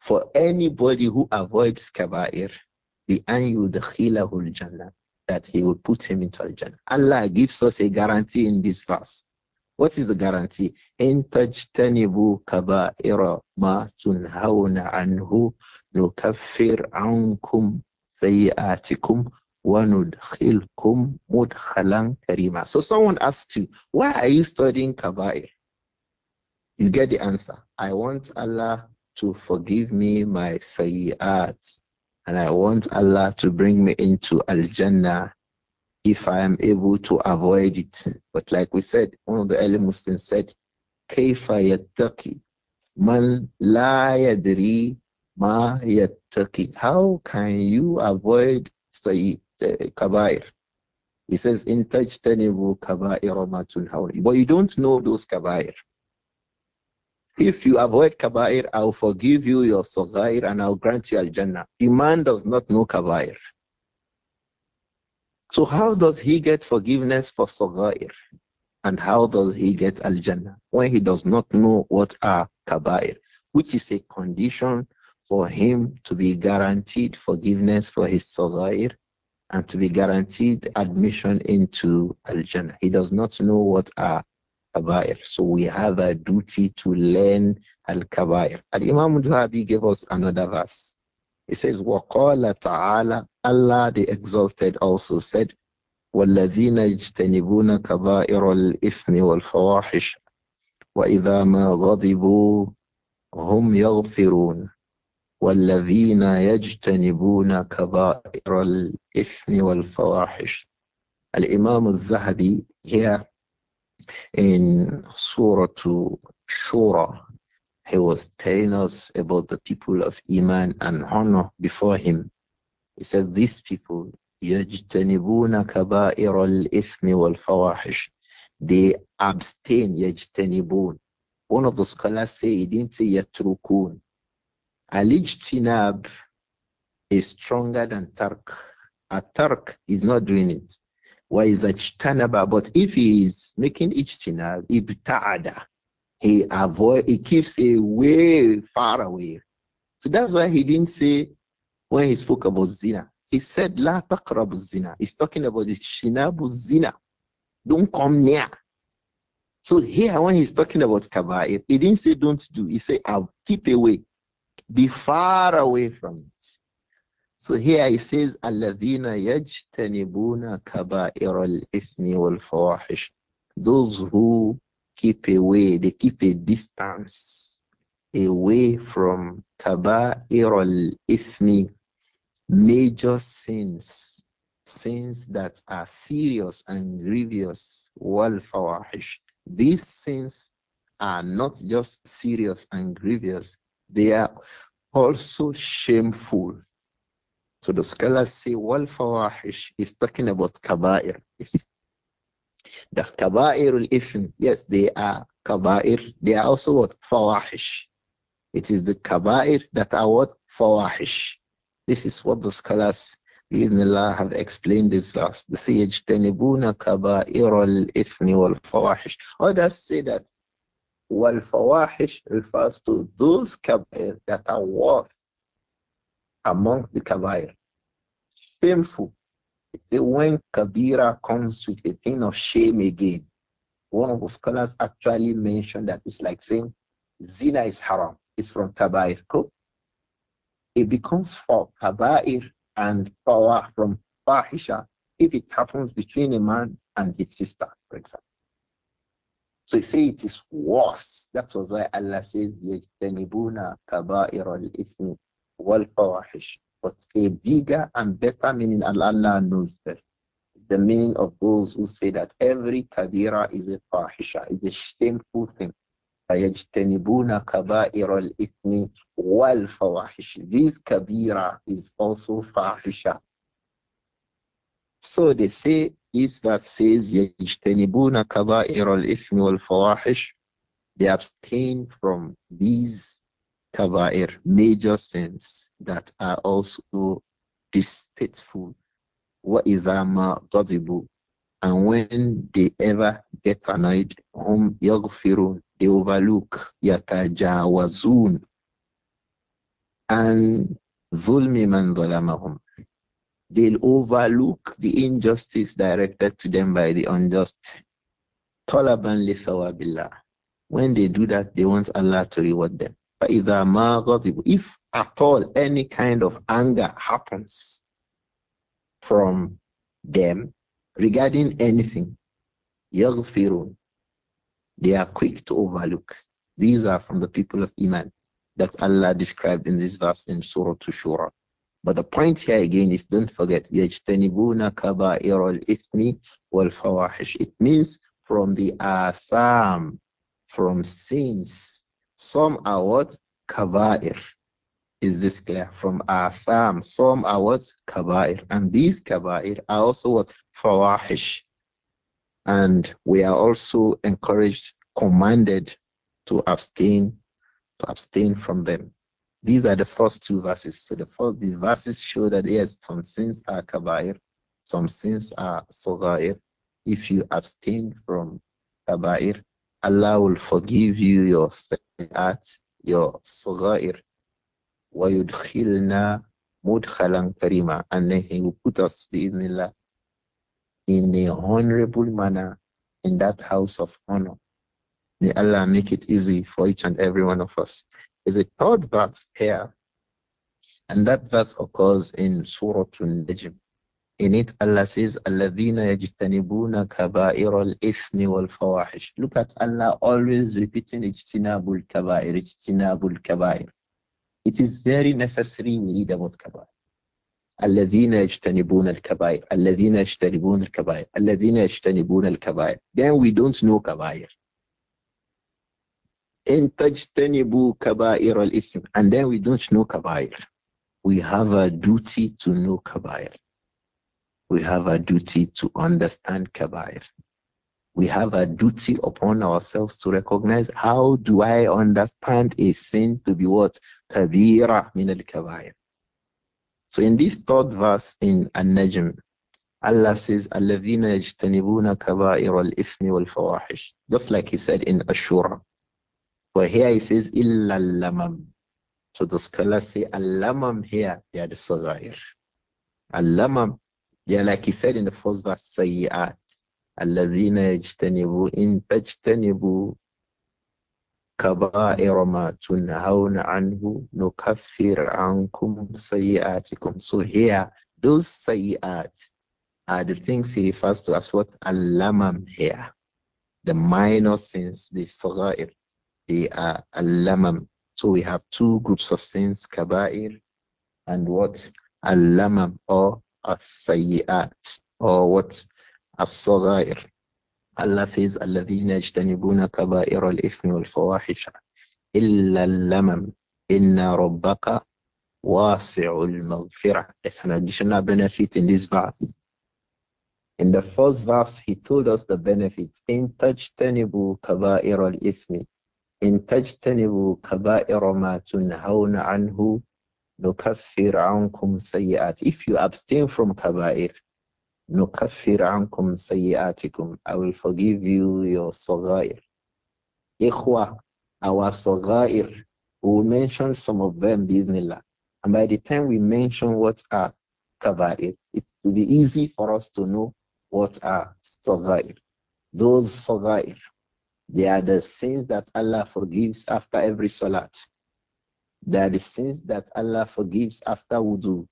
For anybody who avoids kabair, the an jannah that he will put him into al-jannah. Allah gives us a guarantee in this verse. What is the guarantee? In tajtanibu kaba'ira ma tunhawna anhu nukaffir ankum سيئاتكم وندخلكم مدخلا كريما. So someone asked you, why are you studying Kaba'ir? You get the answer. I want Allah to forgive me my sayyat and I want Allah to bring me into Al Jannah if I am able to avoid it. But like we said, one of the early Muslims said, كيف يتقي من لا يدري Ma yattaqi. How can you avoid sayyid, uh, kabair? He says, in touch kabair ma tunhawni. But you don't know those kabair. If you avoid kabair, I'll forgive you your sogair and I'll grant you al-jannah. The man does not know kabair. So how does he get forgiveness for sogair, And how does he get al-jannah? When he does not know what are kabair, which is a condition for him to be guaranteed forgiveness for his sagair and to be guaranteed admission into Al Jannah. He does not know what are kabair. So we have a duty to learn Al Kabair. Al Imam Dhabi gave us another verse. He says, وَقَالَ تَعَالَى Allah the Exalted also said, وَالَّذِينَ يَجْتَنِبُونَ كَبَائِرَ الْإِثْمِ وَالْفَوَاحِشِ وَإِذَا مَا غَضِبُوا هُمْ يَغْفِرُونَ والذين يجتنبون كبائر الإثم والفواحش الإمام الذهبي here in Surah to Shura he was telling us about the people of Iman and honor before him he said these people يجتنبون كبائر الإثم والفواحش they abstain يجتنبون one of the scholars say he didn't say يتركون, Al-ijtinab is stronger than Turk, A Turk is not doing it. Why is that ijtanaba? But if he is making ijtinab, ibta'ada, he avoid, he keeps away, far away. So that's why he didn't say when he spoke about zina. He said, la taqrab zina. He's talking about ijtinabu zina. Don't come near. So here, when he's talking about kaba'ir, he didn't say don't do. He said, I'll keep away. Be far away from it. So here he says, Alladina yajtanibuna kaba al-ithmi wal-fawahish. Those who keep away, they keep a distance away from kaba irul ithmi major sins, sins that are serious and grievous, wal-fawahish. These sins are not just serious and grievous, they are also shameful. So the scholars say wal fawahish is talking about kaba'ir. The kaba'ir al Yes, they are kaba'ir. They are also what fawahish. It is the kaba'ir that are what fawahish. This is what the scholars in Allah have explained this last. The Sayyid Tanibuna kaba'ir al ithmi wal fawahish. Others say that Wal-fawahish refers to those kabair that are worth among the kabair. Shameful. It's when kabira comes with a thing of shame again. One of the scholars actually mentioned that it's like saying zina is haram. It's from kabair. It becomes for kabair and fawah from fahisha if it happens between a man and his sister, for example. So they say it is worse. That was why Allah says, يَجْتَنِبُونَ كَبَائِرَ الْإِثْمِ وَالْفَوَاحِشِ But a bigger and better meaning Allah knows best. The meaning of those who say that every kabira is a fahisha, is a shameful thing. فَيَجْتَنِبُونَ كَبَائِرَ الْإِثْمِ وَالْفَوَاحِشِ This kabira is also fahisha. So they say this verse says يَجْتَنِبُونَ كَبَائِرَ الْإِثْمِ وَالْفَوَاحِشِ They abstain from these kabair, major sins that are also distasteful. What is مَا And when they ever get annoyed, هُمْ يَغْفِرُونَ They overlook, يَتَجَاوَزُونَ And zulmi مَنْ ظَلَمَهُمْ they'll overlook the injustice directed to them by the unjust. Taliban lithawabillah. When they do that, they want Allah to reward them. If at all any kind of anger happens from them regarding anything, yaghfirun, they are quick to overlook. These are from the people of Iman that Allah described in this verse in Surah to Shura. But the point here again is don't forget, It means from the asam, from sins. Some are what? Kaba'ir. Is this clear? From asam, Some are what? Kaba'ir. And these kaba'ir are also what? Fawahish. And we are also encouraged, commanded to abstain, to abstain from them. These are the first two verses. So the first the verses show that yes, some sins are kabair, some sins are sagair. If you abstain from kabair, Allah will forgive you your sins, your sagair. وَيُدْخِلْنَا مُدْخَلًا كَرِيمًا And then He will put us, bi'idhnillah, in a honorable manner in that house of honor. May Allah make it easy for each and every one of us is a third verse here, and that verse occurs in Surah Al-Najm. In it, Allah says, "Aladina yajtanibuna kaba'ir al-ithmi wal-fawahish." Look at Allah always repeating "ijtinabul kaba'ir, ijtinabul kaba'ir." It is very necessary we read about kaba'ir. الذين يجتنبون الكبائر الذين يجتنبون الكبائر الذين يجتنبون الكبائر then we don't know كبائر kaba'ir al-ism. And then we don't know kaba'ir. We have a duty to know kaba'ir. We have a duty to understand kaba'ir. We have a duty upon ourselves to recognize how do I understand a sin to be what? Kabira min al-kaba'ir. So in this third verse in An-Najm, Allah says, "Alladhina kaba'ir al-ithmi wal-fawahish." Just like He said in Ashura, but here it says illa lamam. So the scholars say al-lamam here, they are the sagair. Al-lamam, like he said in the first verse, sayyat. Alladhina yajtanibu in tajtanibu كبائر ما تنهون عنه نكفر ankum سيئاتكم so here those سيئات are the things he refers to as what al-lamam here the minor sins the صغائر they are al-lamam. So we have two groups of sins, kaba'ir and what? Al-lamam or as-sayyi'at or what? As-saghair. Allah says, الَّذِينَ يَجْتَنِبُونَ كَبَائِرَ الْإِثْمِ وَالْفَوَاحِشَ إِلَّا lamam. Inna رَبَّكَ وَاسِعُ الْمَغْفِرَةِ It's an additional benefit in this verse. In the first verse, he told us the benefit. In tajtanibu kabair al-ithmi إن تجتنبوا كبائر ما تنهون عنه نكفر عنكم سيئات if you abstain from kabair, نكفر عنكم سيئاتكم I will forgive you your صغائر إخوة our صغائر we will mention some of them the الله and by the time we mention what are kabair, it will be easy for us to know what are صغائر those صغائر they are the sins that Allah forgives after every salat. They are the sins that Allah forgives after wudu.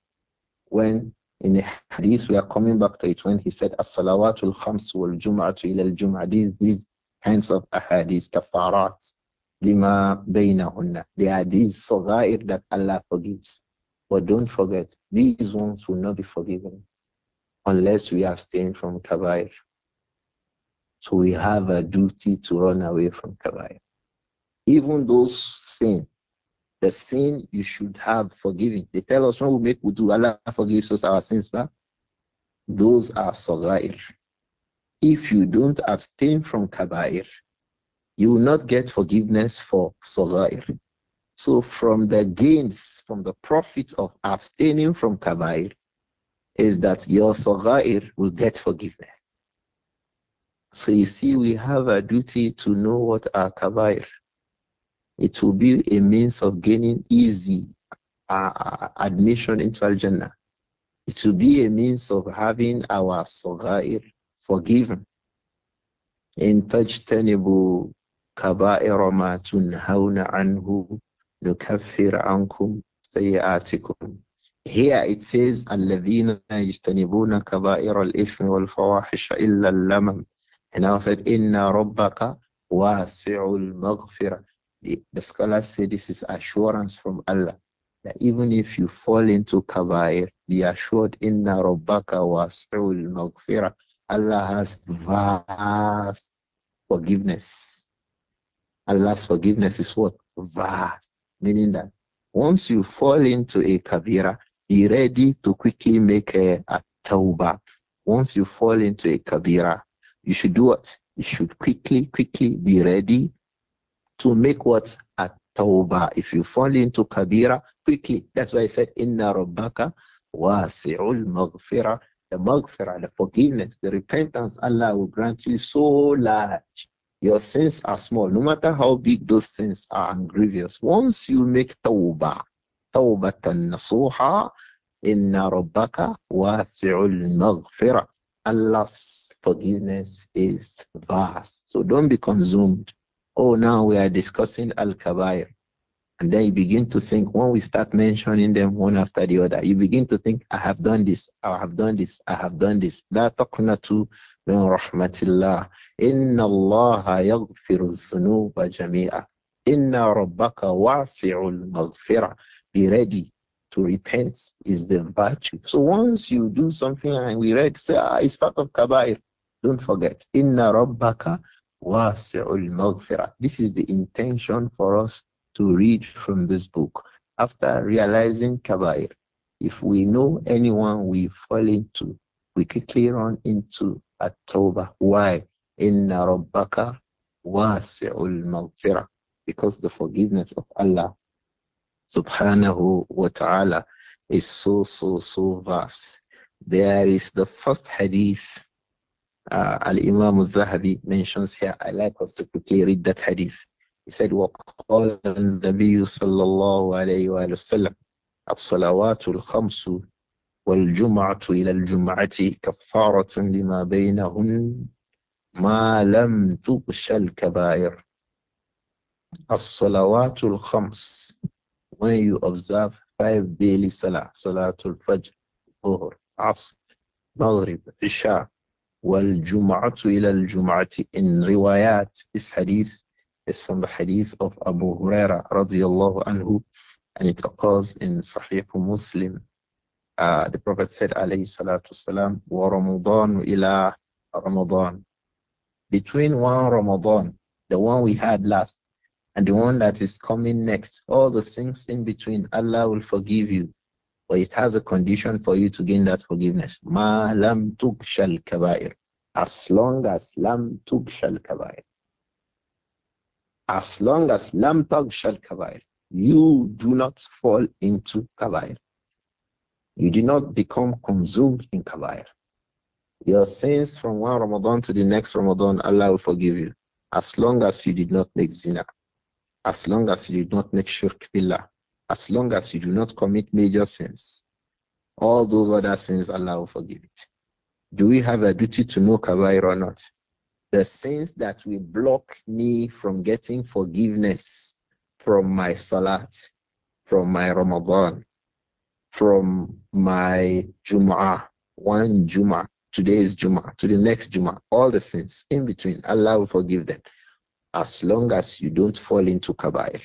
When in the hadith, we are coming back to it when he said, As salawatul khamsu wal jum'atu ila al jum'ah. These kinds of ahadith, kafarat, lima bainahunna. They are these sagair that Allah forgives. But don't forget, these ones will not be forgiven unless we abstain from kabair. So we have a duty to run away from Kabair. Even those sins, the sin you should have forgiven. They tell us when we make wudu, Allah forgives us our sins, but those are sagair. If you don't abstain from kabair, you will not get forgiveness for sagair. So from the gains, from the profits of abstaining from kabair, is that your sagair will get forgiveness. So you see, we have a duty to know what our kabair. It will be a means of gaining easy uh, admission into Al Jannah. It will be a means of having our sogair forgiven. In tajtanibu kaba'ira ma tunhauna anhu nukaffir ankum sayyatikum. Here it says, الذين يجتنبون كبائر الإثم والفواحش إلا اللمم and I said, Inna rabbaka wasi'ul maghfirah. The, the scholars say this is assurance from Allah that even if you fall into kabair, be assured inna rabbaka wasi'ul maghfirah. Allah has vast forgiveness. Allah's forgiveness is what? Vast. Meaning that once you fall into a kabira, be ready to quickly make a, a tawbah. Once you fall into a kabira, you should do what? You should quickly, quickly be ready to make what? At tawbah. If you fall into kabira, quickly. That's why I said, Inna rabbaka wasi'ul maghfirah. The maghfirah, the forgiveness, the repentance Allah will grant you so large. Your sins are small, no matter how big those sins are and grievous. Once you make tawbah, tawbah nasuha, Inna rabbaka wasi'ul maghfirah. Allah's Forgiveness is vast. So don't be consumed. Oh, now we are discussing Al Kabair. And then you begin to think, when we start mentioning them one after the other, you begin to think, I have done this, I have done this, I have done this. لا تقنطوا من رحمة الله إن الله يغفر الذنوب جميعا إن ربك واسع المغفرة Be ready to repent is the virtue. So once you do something and we read, say, ah, it's part of kabair. Don't forget, Inna Rabbaka Wasi'ul Maghfirah. This is the intention for us to read from this book. After realizing Kabair, if we know anyone we fall into, we quickly run into a Tawbah. Why? Inna Rabbaka Wasi'ul Maghfirah. Because the forgiveness of Allah subhanahu wa ta'ala is so, so, so vast. There is the first hadith uh, Al Imam al Zahabi mentions here. I like us to quickly read that hadith. He said, وقال النبي صلى الله عليه وآله وسلم الصلوات الخمس والجمعة إلى الجمعة كفارة لما بينهن ما لم تقش الكبائر الصلوات الخمس when you observe five daily salah salatul fajr dhuhr asr maghrib isha وَالْجُمْعَةُ إِلَى الْجُمْعَةِ إن روايات this hadith is from the hadith of Abu Huraira الله عنه and it occurs in Sahih Muslim. Uh, the Prophet said عليه salatu salam wa Ramadan Between one Ramadan, the one we had last, and the one that is coming next, all the things in between, Allah will forgive you. But it has a condition for you to gain that forgiveness. Ma lam shal kabair. As long as lam shal kabair. As long as lam shal kabair. You do not fall into kabair. You do not become consumed in kabair. Your sins from one Ramadan to the next Ramadan, Allah will forgive you. As long as you did not make zina. As long as you did not make shirk billah as long as you do not commit major sins. All those other sins, Allah will forgive it. Do we have a duty to know Kabair or not? The sins that will block me from getting forgiveness from my Salat, from my Ramadan, from my Jum'ah, one Jum'ah, today's Jum'ah, to the next Jum'ah, all the sins in between, Allah will forgive them as long as you don't fall into Kabair.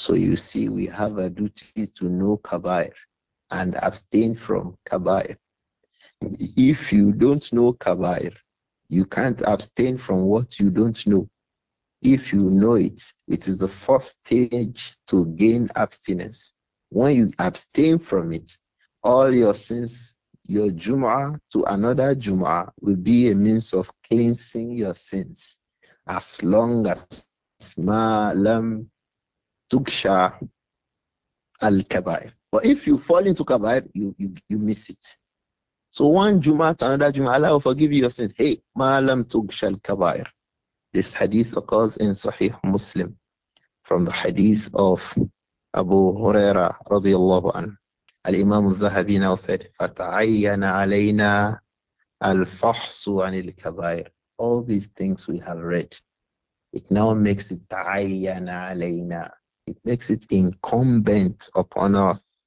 So you see, we have a duty to know Kabair and abstain from Kabair. If you don't know Kabair, you can't abstain from what you don't know. If you know it, it is the first stage to gain abstinence. When you abstain from it, all your sins, your Jum'ah to another Jum'ah will be a means of cleansing your sins as long as ma lam tuksha al kabair. But if you fall into kabair, you, you, you miss it. So one Juma to another Juma, Allah will forgive you your sins. Hey, ma'alam tuksha al kabair. This hadith occurs in Sahih Muslim from the hadith of Abu Huraira radiallahu anhu. Al-Imam al-Zahabi now said, al عَلَيْنَا الْفَحْصُ عَنِ kabair." All these things we have read, it now makes it تَعَيَّنَ alayna it makes it incumbent upon us.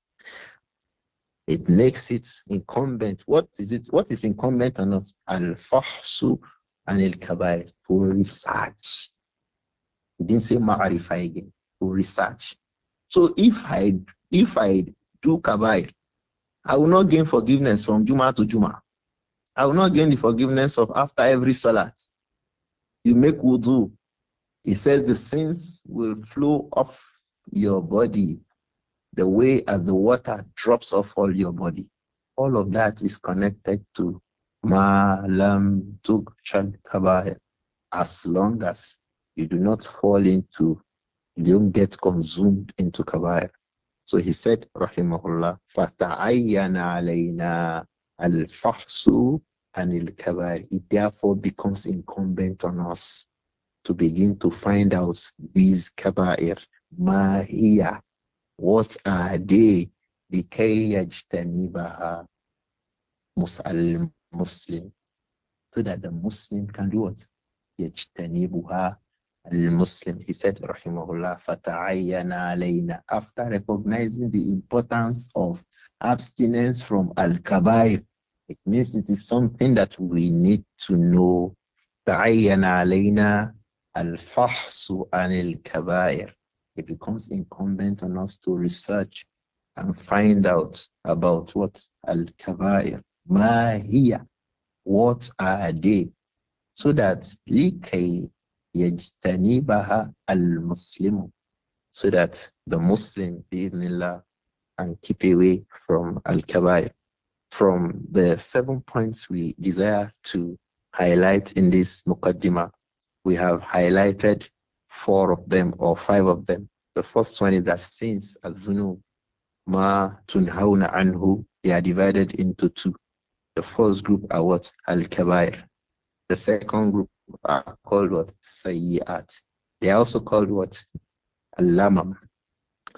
It makes it incumbent. What is it? What is incumbent on us? Al fahsu and al kabair to research. He didn't say ma'arifa again. To research. So if I if I do kabair, I will not gain forgiveness from Juma to Juma. I will not gain the forgiveness of after every salat. You make wudu. He says the sins will flow off your body the way as the water drops off all your body. All of that is connected to Malam Tukchal Kabair. As long as you do not fall into, you don't get consumed into Kabair. So he said, Rahimahullah, فَتَعَيَّنَ عَلَيْنَا الْفَحْصُ عَنِ الْكَبَائِرِ It therefore becomes incumbent on us to begin to find out these Kabair Mahiya. What are they? لكي يجتنبها Muslim. so that the Muslim can do what? يجتنبها Muslim. He said, Rahimahullah, Fata'ayyana alayna. After recognizing the importance of abstinence from Al Kabair, it means it is something that we need to know. Ta'ayyana alayna al Fahsu al-fasu'an Kabair it becomes incumbent on us to research and find out about what al kabair mahiya what are they so that likay yajtanibaha al muslimu so that the muslim bi'idhnillah can keep away from al kabair from the seven points we desire to highlight in this mukaddima, we have highlighted four of them or five of them. The first one is that sins al-dhunub ma tunhauna anhu, they are divided into two. The first group are what? Al-kabair. The second group are called what? Sayyat. They are also called what? Al-lamam.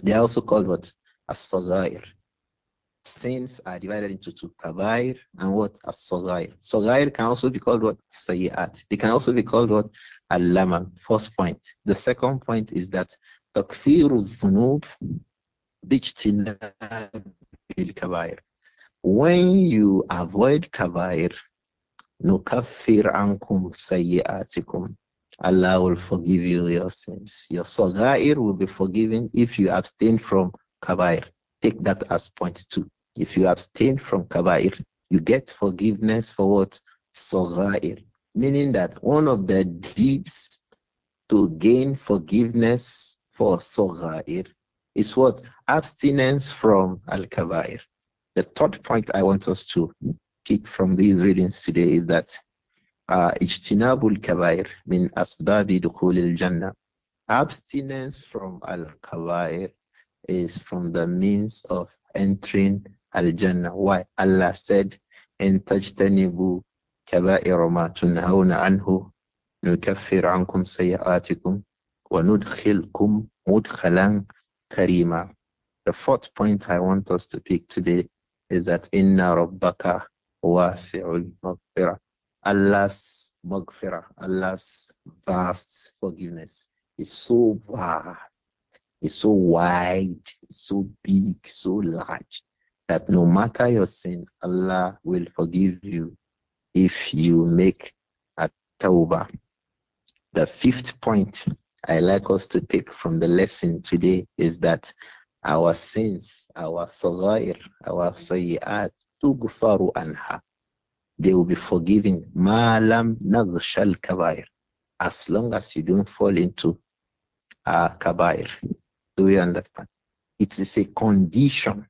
They are also called what? As-sazair sins are divided into two kabair and what as sagair. Sagair can also be called what sayyat. They can also be called what alama. First point. The second point is that takfiru dhunub bil kabair. When you avoid kabair, kafir ankum sayyatikum. Allah will forgive you your sins. Your sagair will be forgiven if you abstain from kabair take that as point two. If you abstain from kabair, you get forgiveness for what? Sagair. Meaning that one of the deeds to gain forgiveness for Sagair is what? Abstinence from Al Kabair. The third point I want us to pick from these readings today is that uh, Ijtinabul Kabair min Asbabi Dukhul Jannah. Abstinence from Al Kabair is from the means of entering Al Jannah. Why? Allah said, In tajtanibu kaba'ira ma tunhauna anhu, nukaffir ankum sayyatikum, wa nudkhilkum karima. The fourth point I want us to pick today is that Inna Rabbaka wasi'ul maghfirah. Allah's maghfirah, Allah's vast forgiveness is so vast, It's so wide, so big, so large that no matter your sin, Allah will forgive you if you make a tawbah. The fifth point I like us to take from the lesson today is that our sins, our sagair, our sayyat, tugfaru anha. They will be forgiven. Ma'lam naghshal kabair. As long as you don't fall into a kabair. Do we understand? It is a condition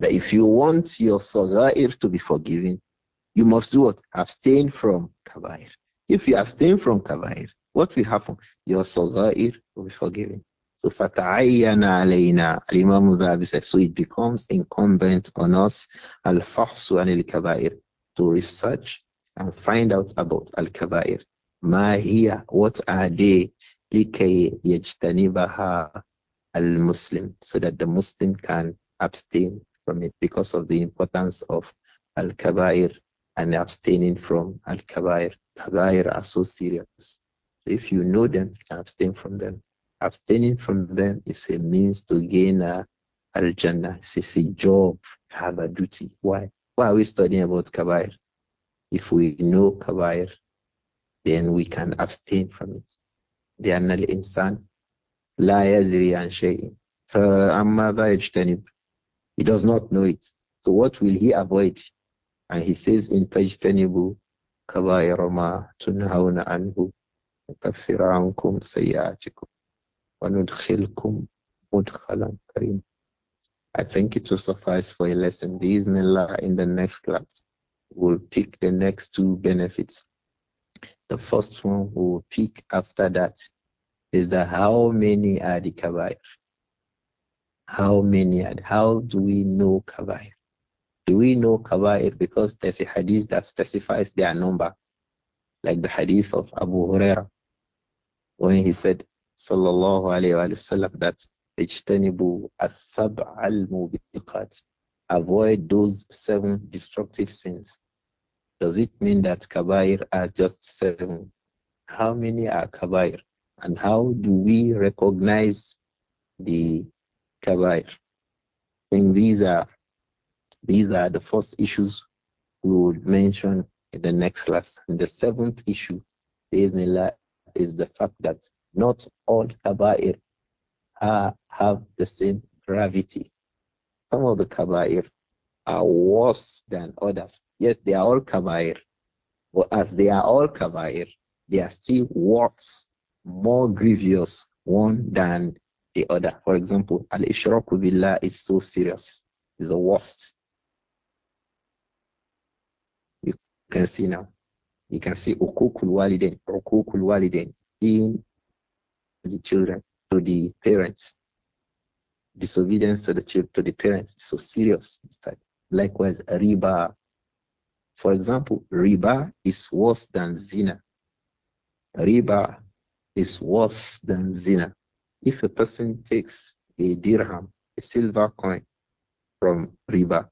that if you want your sazair to be forgiven, you must do what? Abstain from kabair. If you abstain from kabair, what will happen? Your sazair will be forgiven. So fata'ayyana alayna. Al-Imam so it becomes incumbent on us al-fahsu anil kabair to research and find out about al-kabair. Ma hiya, what are they? Likay yajtanibaha al-Muslim, so that the Muslim can abstain from it because of the importance of Al Kabair and abstaining from Al Kabair. Kabair are so serious. If you know them, you can abstain from them. Abstaining from them is a means to gain uh, a Al Jannah. It's a job, have a duty. Why? Why are we studying about Kabair? If we know Kabair, then we can abstain from it. لأن insan la يدري an shayin. فَأَمَّا ذا يجتنب he does not know it. So what will he avoid? And he says in Tajtanibu Kabairama Tunhauna Anhu Kafirankum Sayyatikum kum mudhalam Karim. I think it will suffice for a lesson. Bismillah in the next class. We'll pick the next two benefits. The first one we'll pick after that is that how many are the kabair? How many? How do we know kabair? Do we know kabair because there's a hadith that specifies their number, like the hadith of Abu Huraira, when he said, sallallahu alayhi wa sallam, that اجتنبوا al الموبقات avoid those seven destructive sins. Does it mean that kabair are just seven? How many are kabair? And how do we recognize the kabair. I think these are these are the first issues we would mention in the next class. And the seventh issue, is the fact that not all kabair have the same gravity. Some of the kabair are worse than others. Yes, they are all kabair, but as they are all kabair, they are still worse, more grievous one than the other. For example, al ishraku billah is so serious, it's the worst. You can see now. You can see ukukul walidain, ukukul walidain in the children to the parents. Disobedience to the child, to the parents so serious. Likewise, riba. For example, riba is worse than zina. Riba is worse than zina. If a person takes a dirham, a silver coin from riba,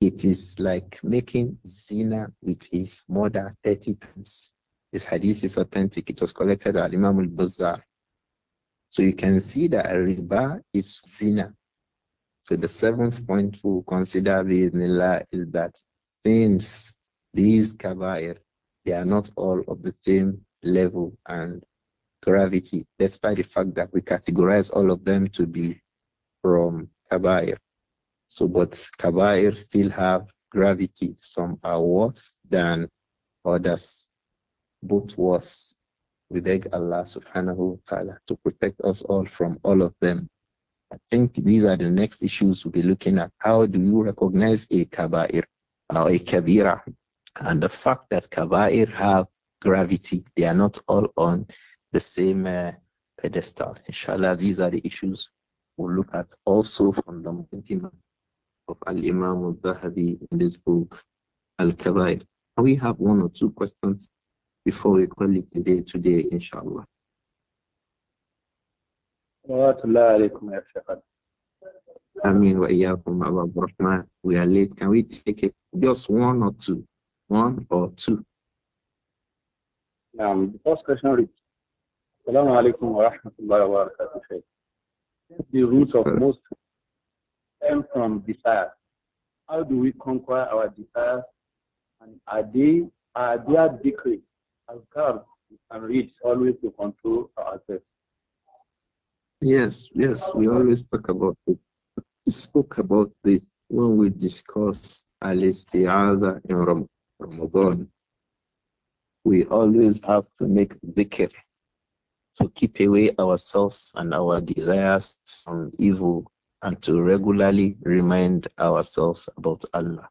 it is like making zina with his mother 30 times. This hadith is authentic. It was collected by Imam al-Bazar. So you can see that riba is zina. So the seventh point we we'll consider is that since these kabair, they are not all of the same level and gravity, despite the fact that we categorize all of them to be from Kabair. So, but Kabair still have gravity. Some are worse than others. Both worse. We beg Allah subhanahu wa ta'ala to protect us all from all of them. I think these are the next issues we'll be looking at. How do you recognize a Kabair or a Kabira? And the fact that Kabair have gravity, they are not all on the same uh, pedestal. Inshallah, these are the issues we'll look at also from the momentum of Al Imam al Zahabi in this book, Al Kabair. We have one or two questions before we call it a day today, inshallah. Ameen wa iyaakum Abu We are late. Can we take it just one or two? One or two? Um, the first question reads Assalamu alaikum wa rahmatullahi wa barakatuh, The root of most stem from desire. How do we conquer our desire? And are they, are their decrees, azkar, and reach always to control ourselves? Yes, yes, we always talk about it. We spoke about this when we discussed al-isti'adha in Ramadan. We always have to make dhikr to keep away ourselves and our desires from evil and to regularly remind ourselves about Allah.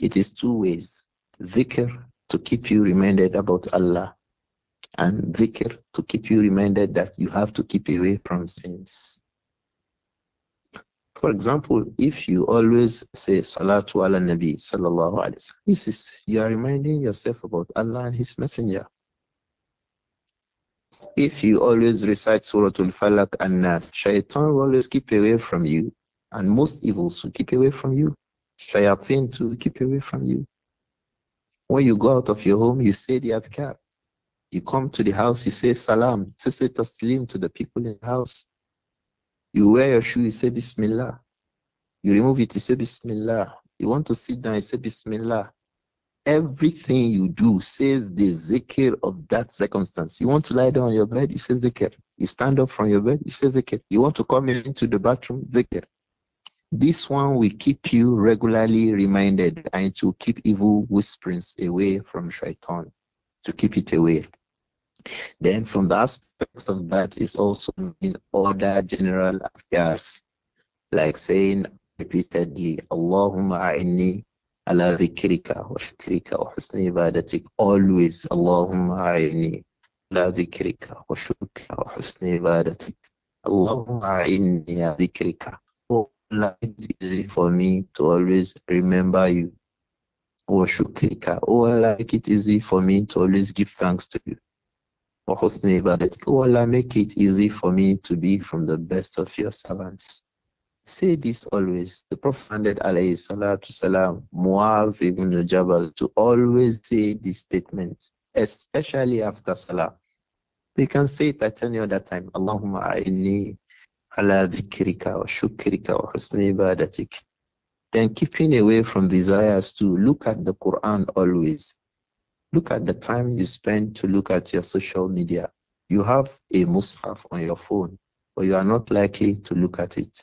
It is two ways dhikr to keep you reminded about Allah, and dhikr to keep you reminded that you have to keep away from sins. For example, if you always say Salatu ala Nabi sallallahu alayhi this is you are reminding yourself about Allah and His Messenger. If you always recite Surah Al-Falaq and Nas, shaitan will always keep away from you, and most evils will keep away from you. Shayateen to keep away from you. When you go out of your home, you say the adhkar. You come to the house, you say salam, you say taslim to the people in the house. You wear your shoe, you say bismillah. You remove it, you say bismillah. You want to sit down, you say bismillah everything you do, say the zikr of that circumstance. You want to lie down on your bed, you say zikr. You stand up from your bed, you say zikr. You want to come into the bathroom, zikr. This one will keep you regularly reminded and to keep evil whisperings away from shaitan, to keep it away. Then from the aspects of that is also in other general affairs, like saying repeatedly, Allahumma a'inni على ذكرك وشكرك وحسن عبادتك always اللهم أعني على ذكرك وشكرك وحسن عبادتك Allahumma أعني على ذكرك Life is easy for me to always remember you. وشكرك Oh, make it easy for me to always give thanks to you. وحسن عبادتك Oh, make it easy for me to be from the best of your servants. Say this always. The Prophet commanded alayhi salatu salam, Mu'adh ibn Jabal, to always say this statement, especially after salah. We can say it at any other time. Allahumma a'inni ala dhikrika wa shukrika wa husni ibadatik. Then keeping away from desires to look at the Quran always. Look at the time you spend to look at your social media. You have a mushaf on your phone, but you are not likely to look at it.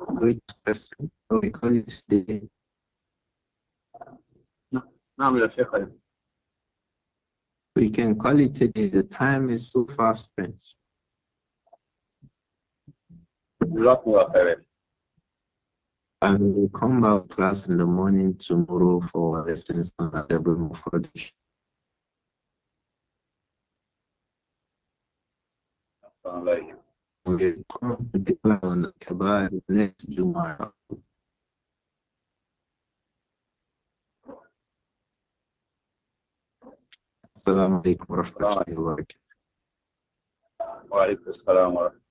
which oh, person we call this day. نعم We can call it today. The time is so far spent. And we'll come back class in the morning tomorrow for lessons on the table Mufradish we warahmatullahi wabarakatuh. Wa warahmatullahi wabarakatuh.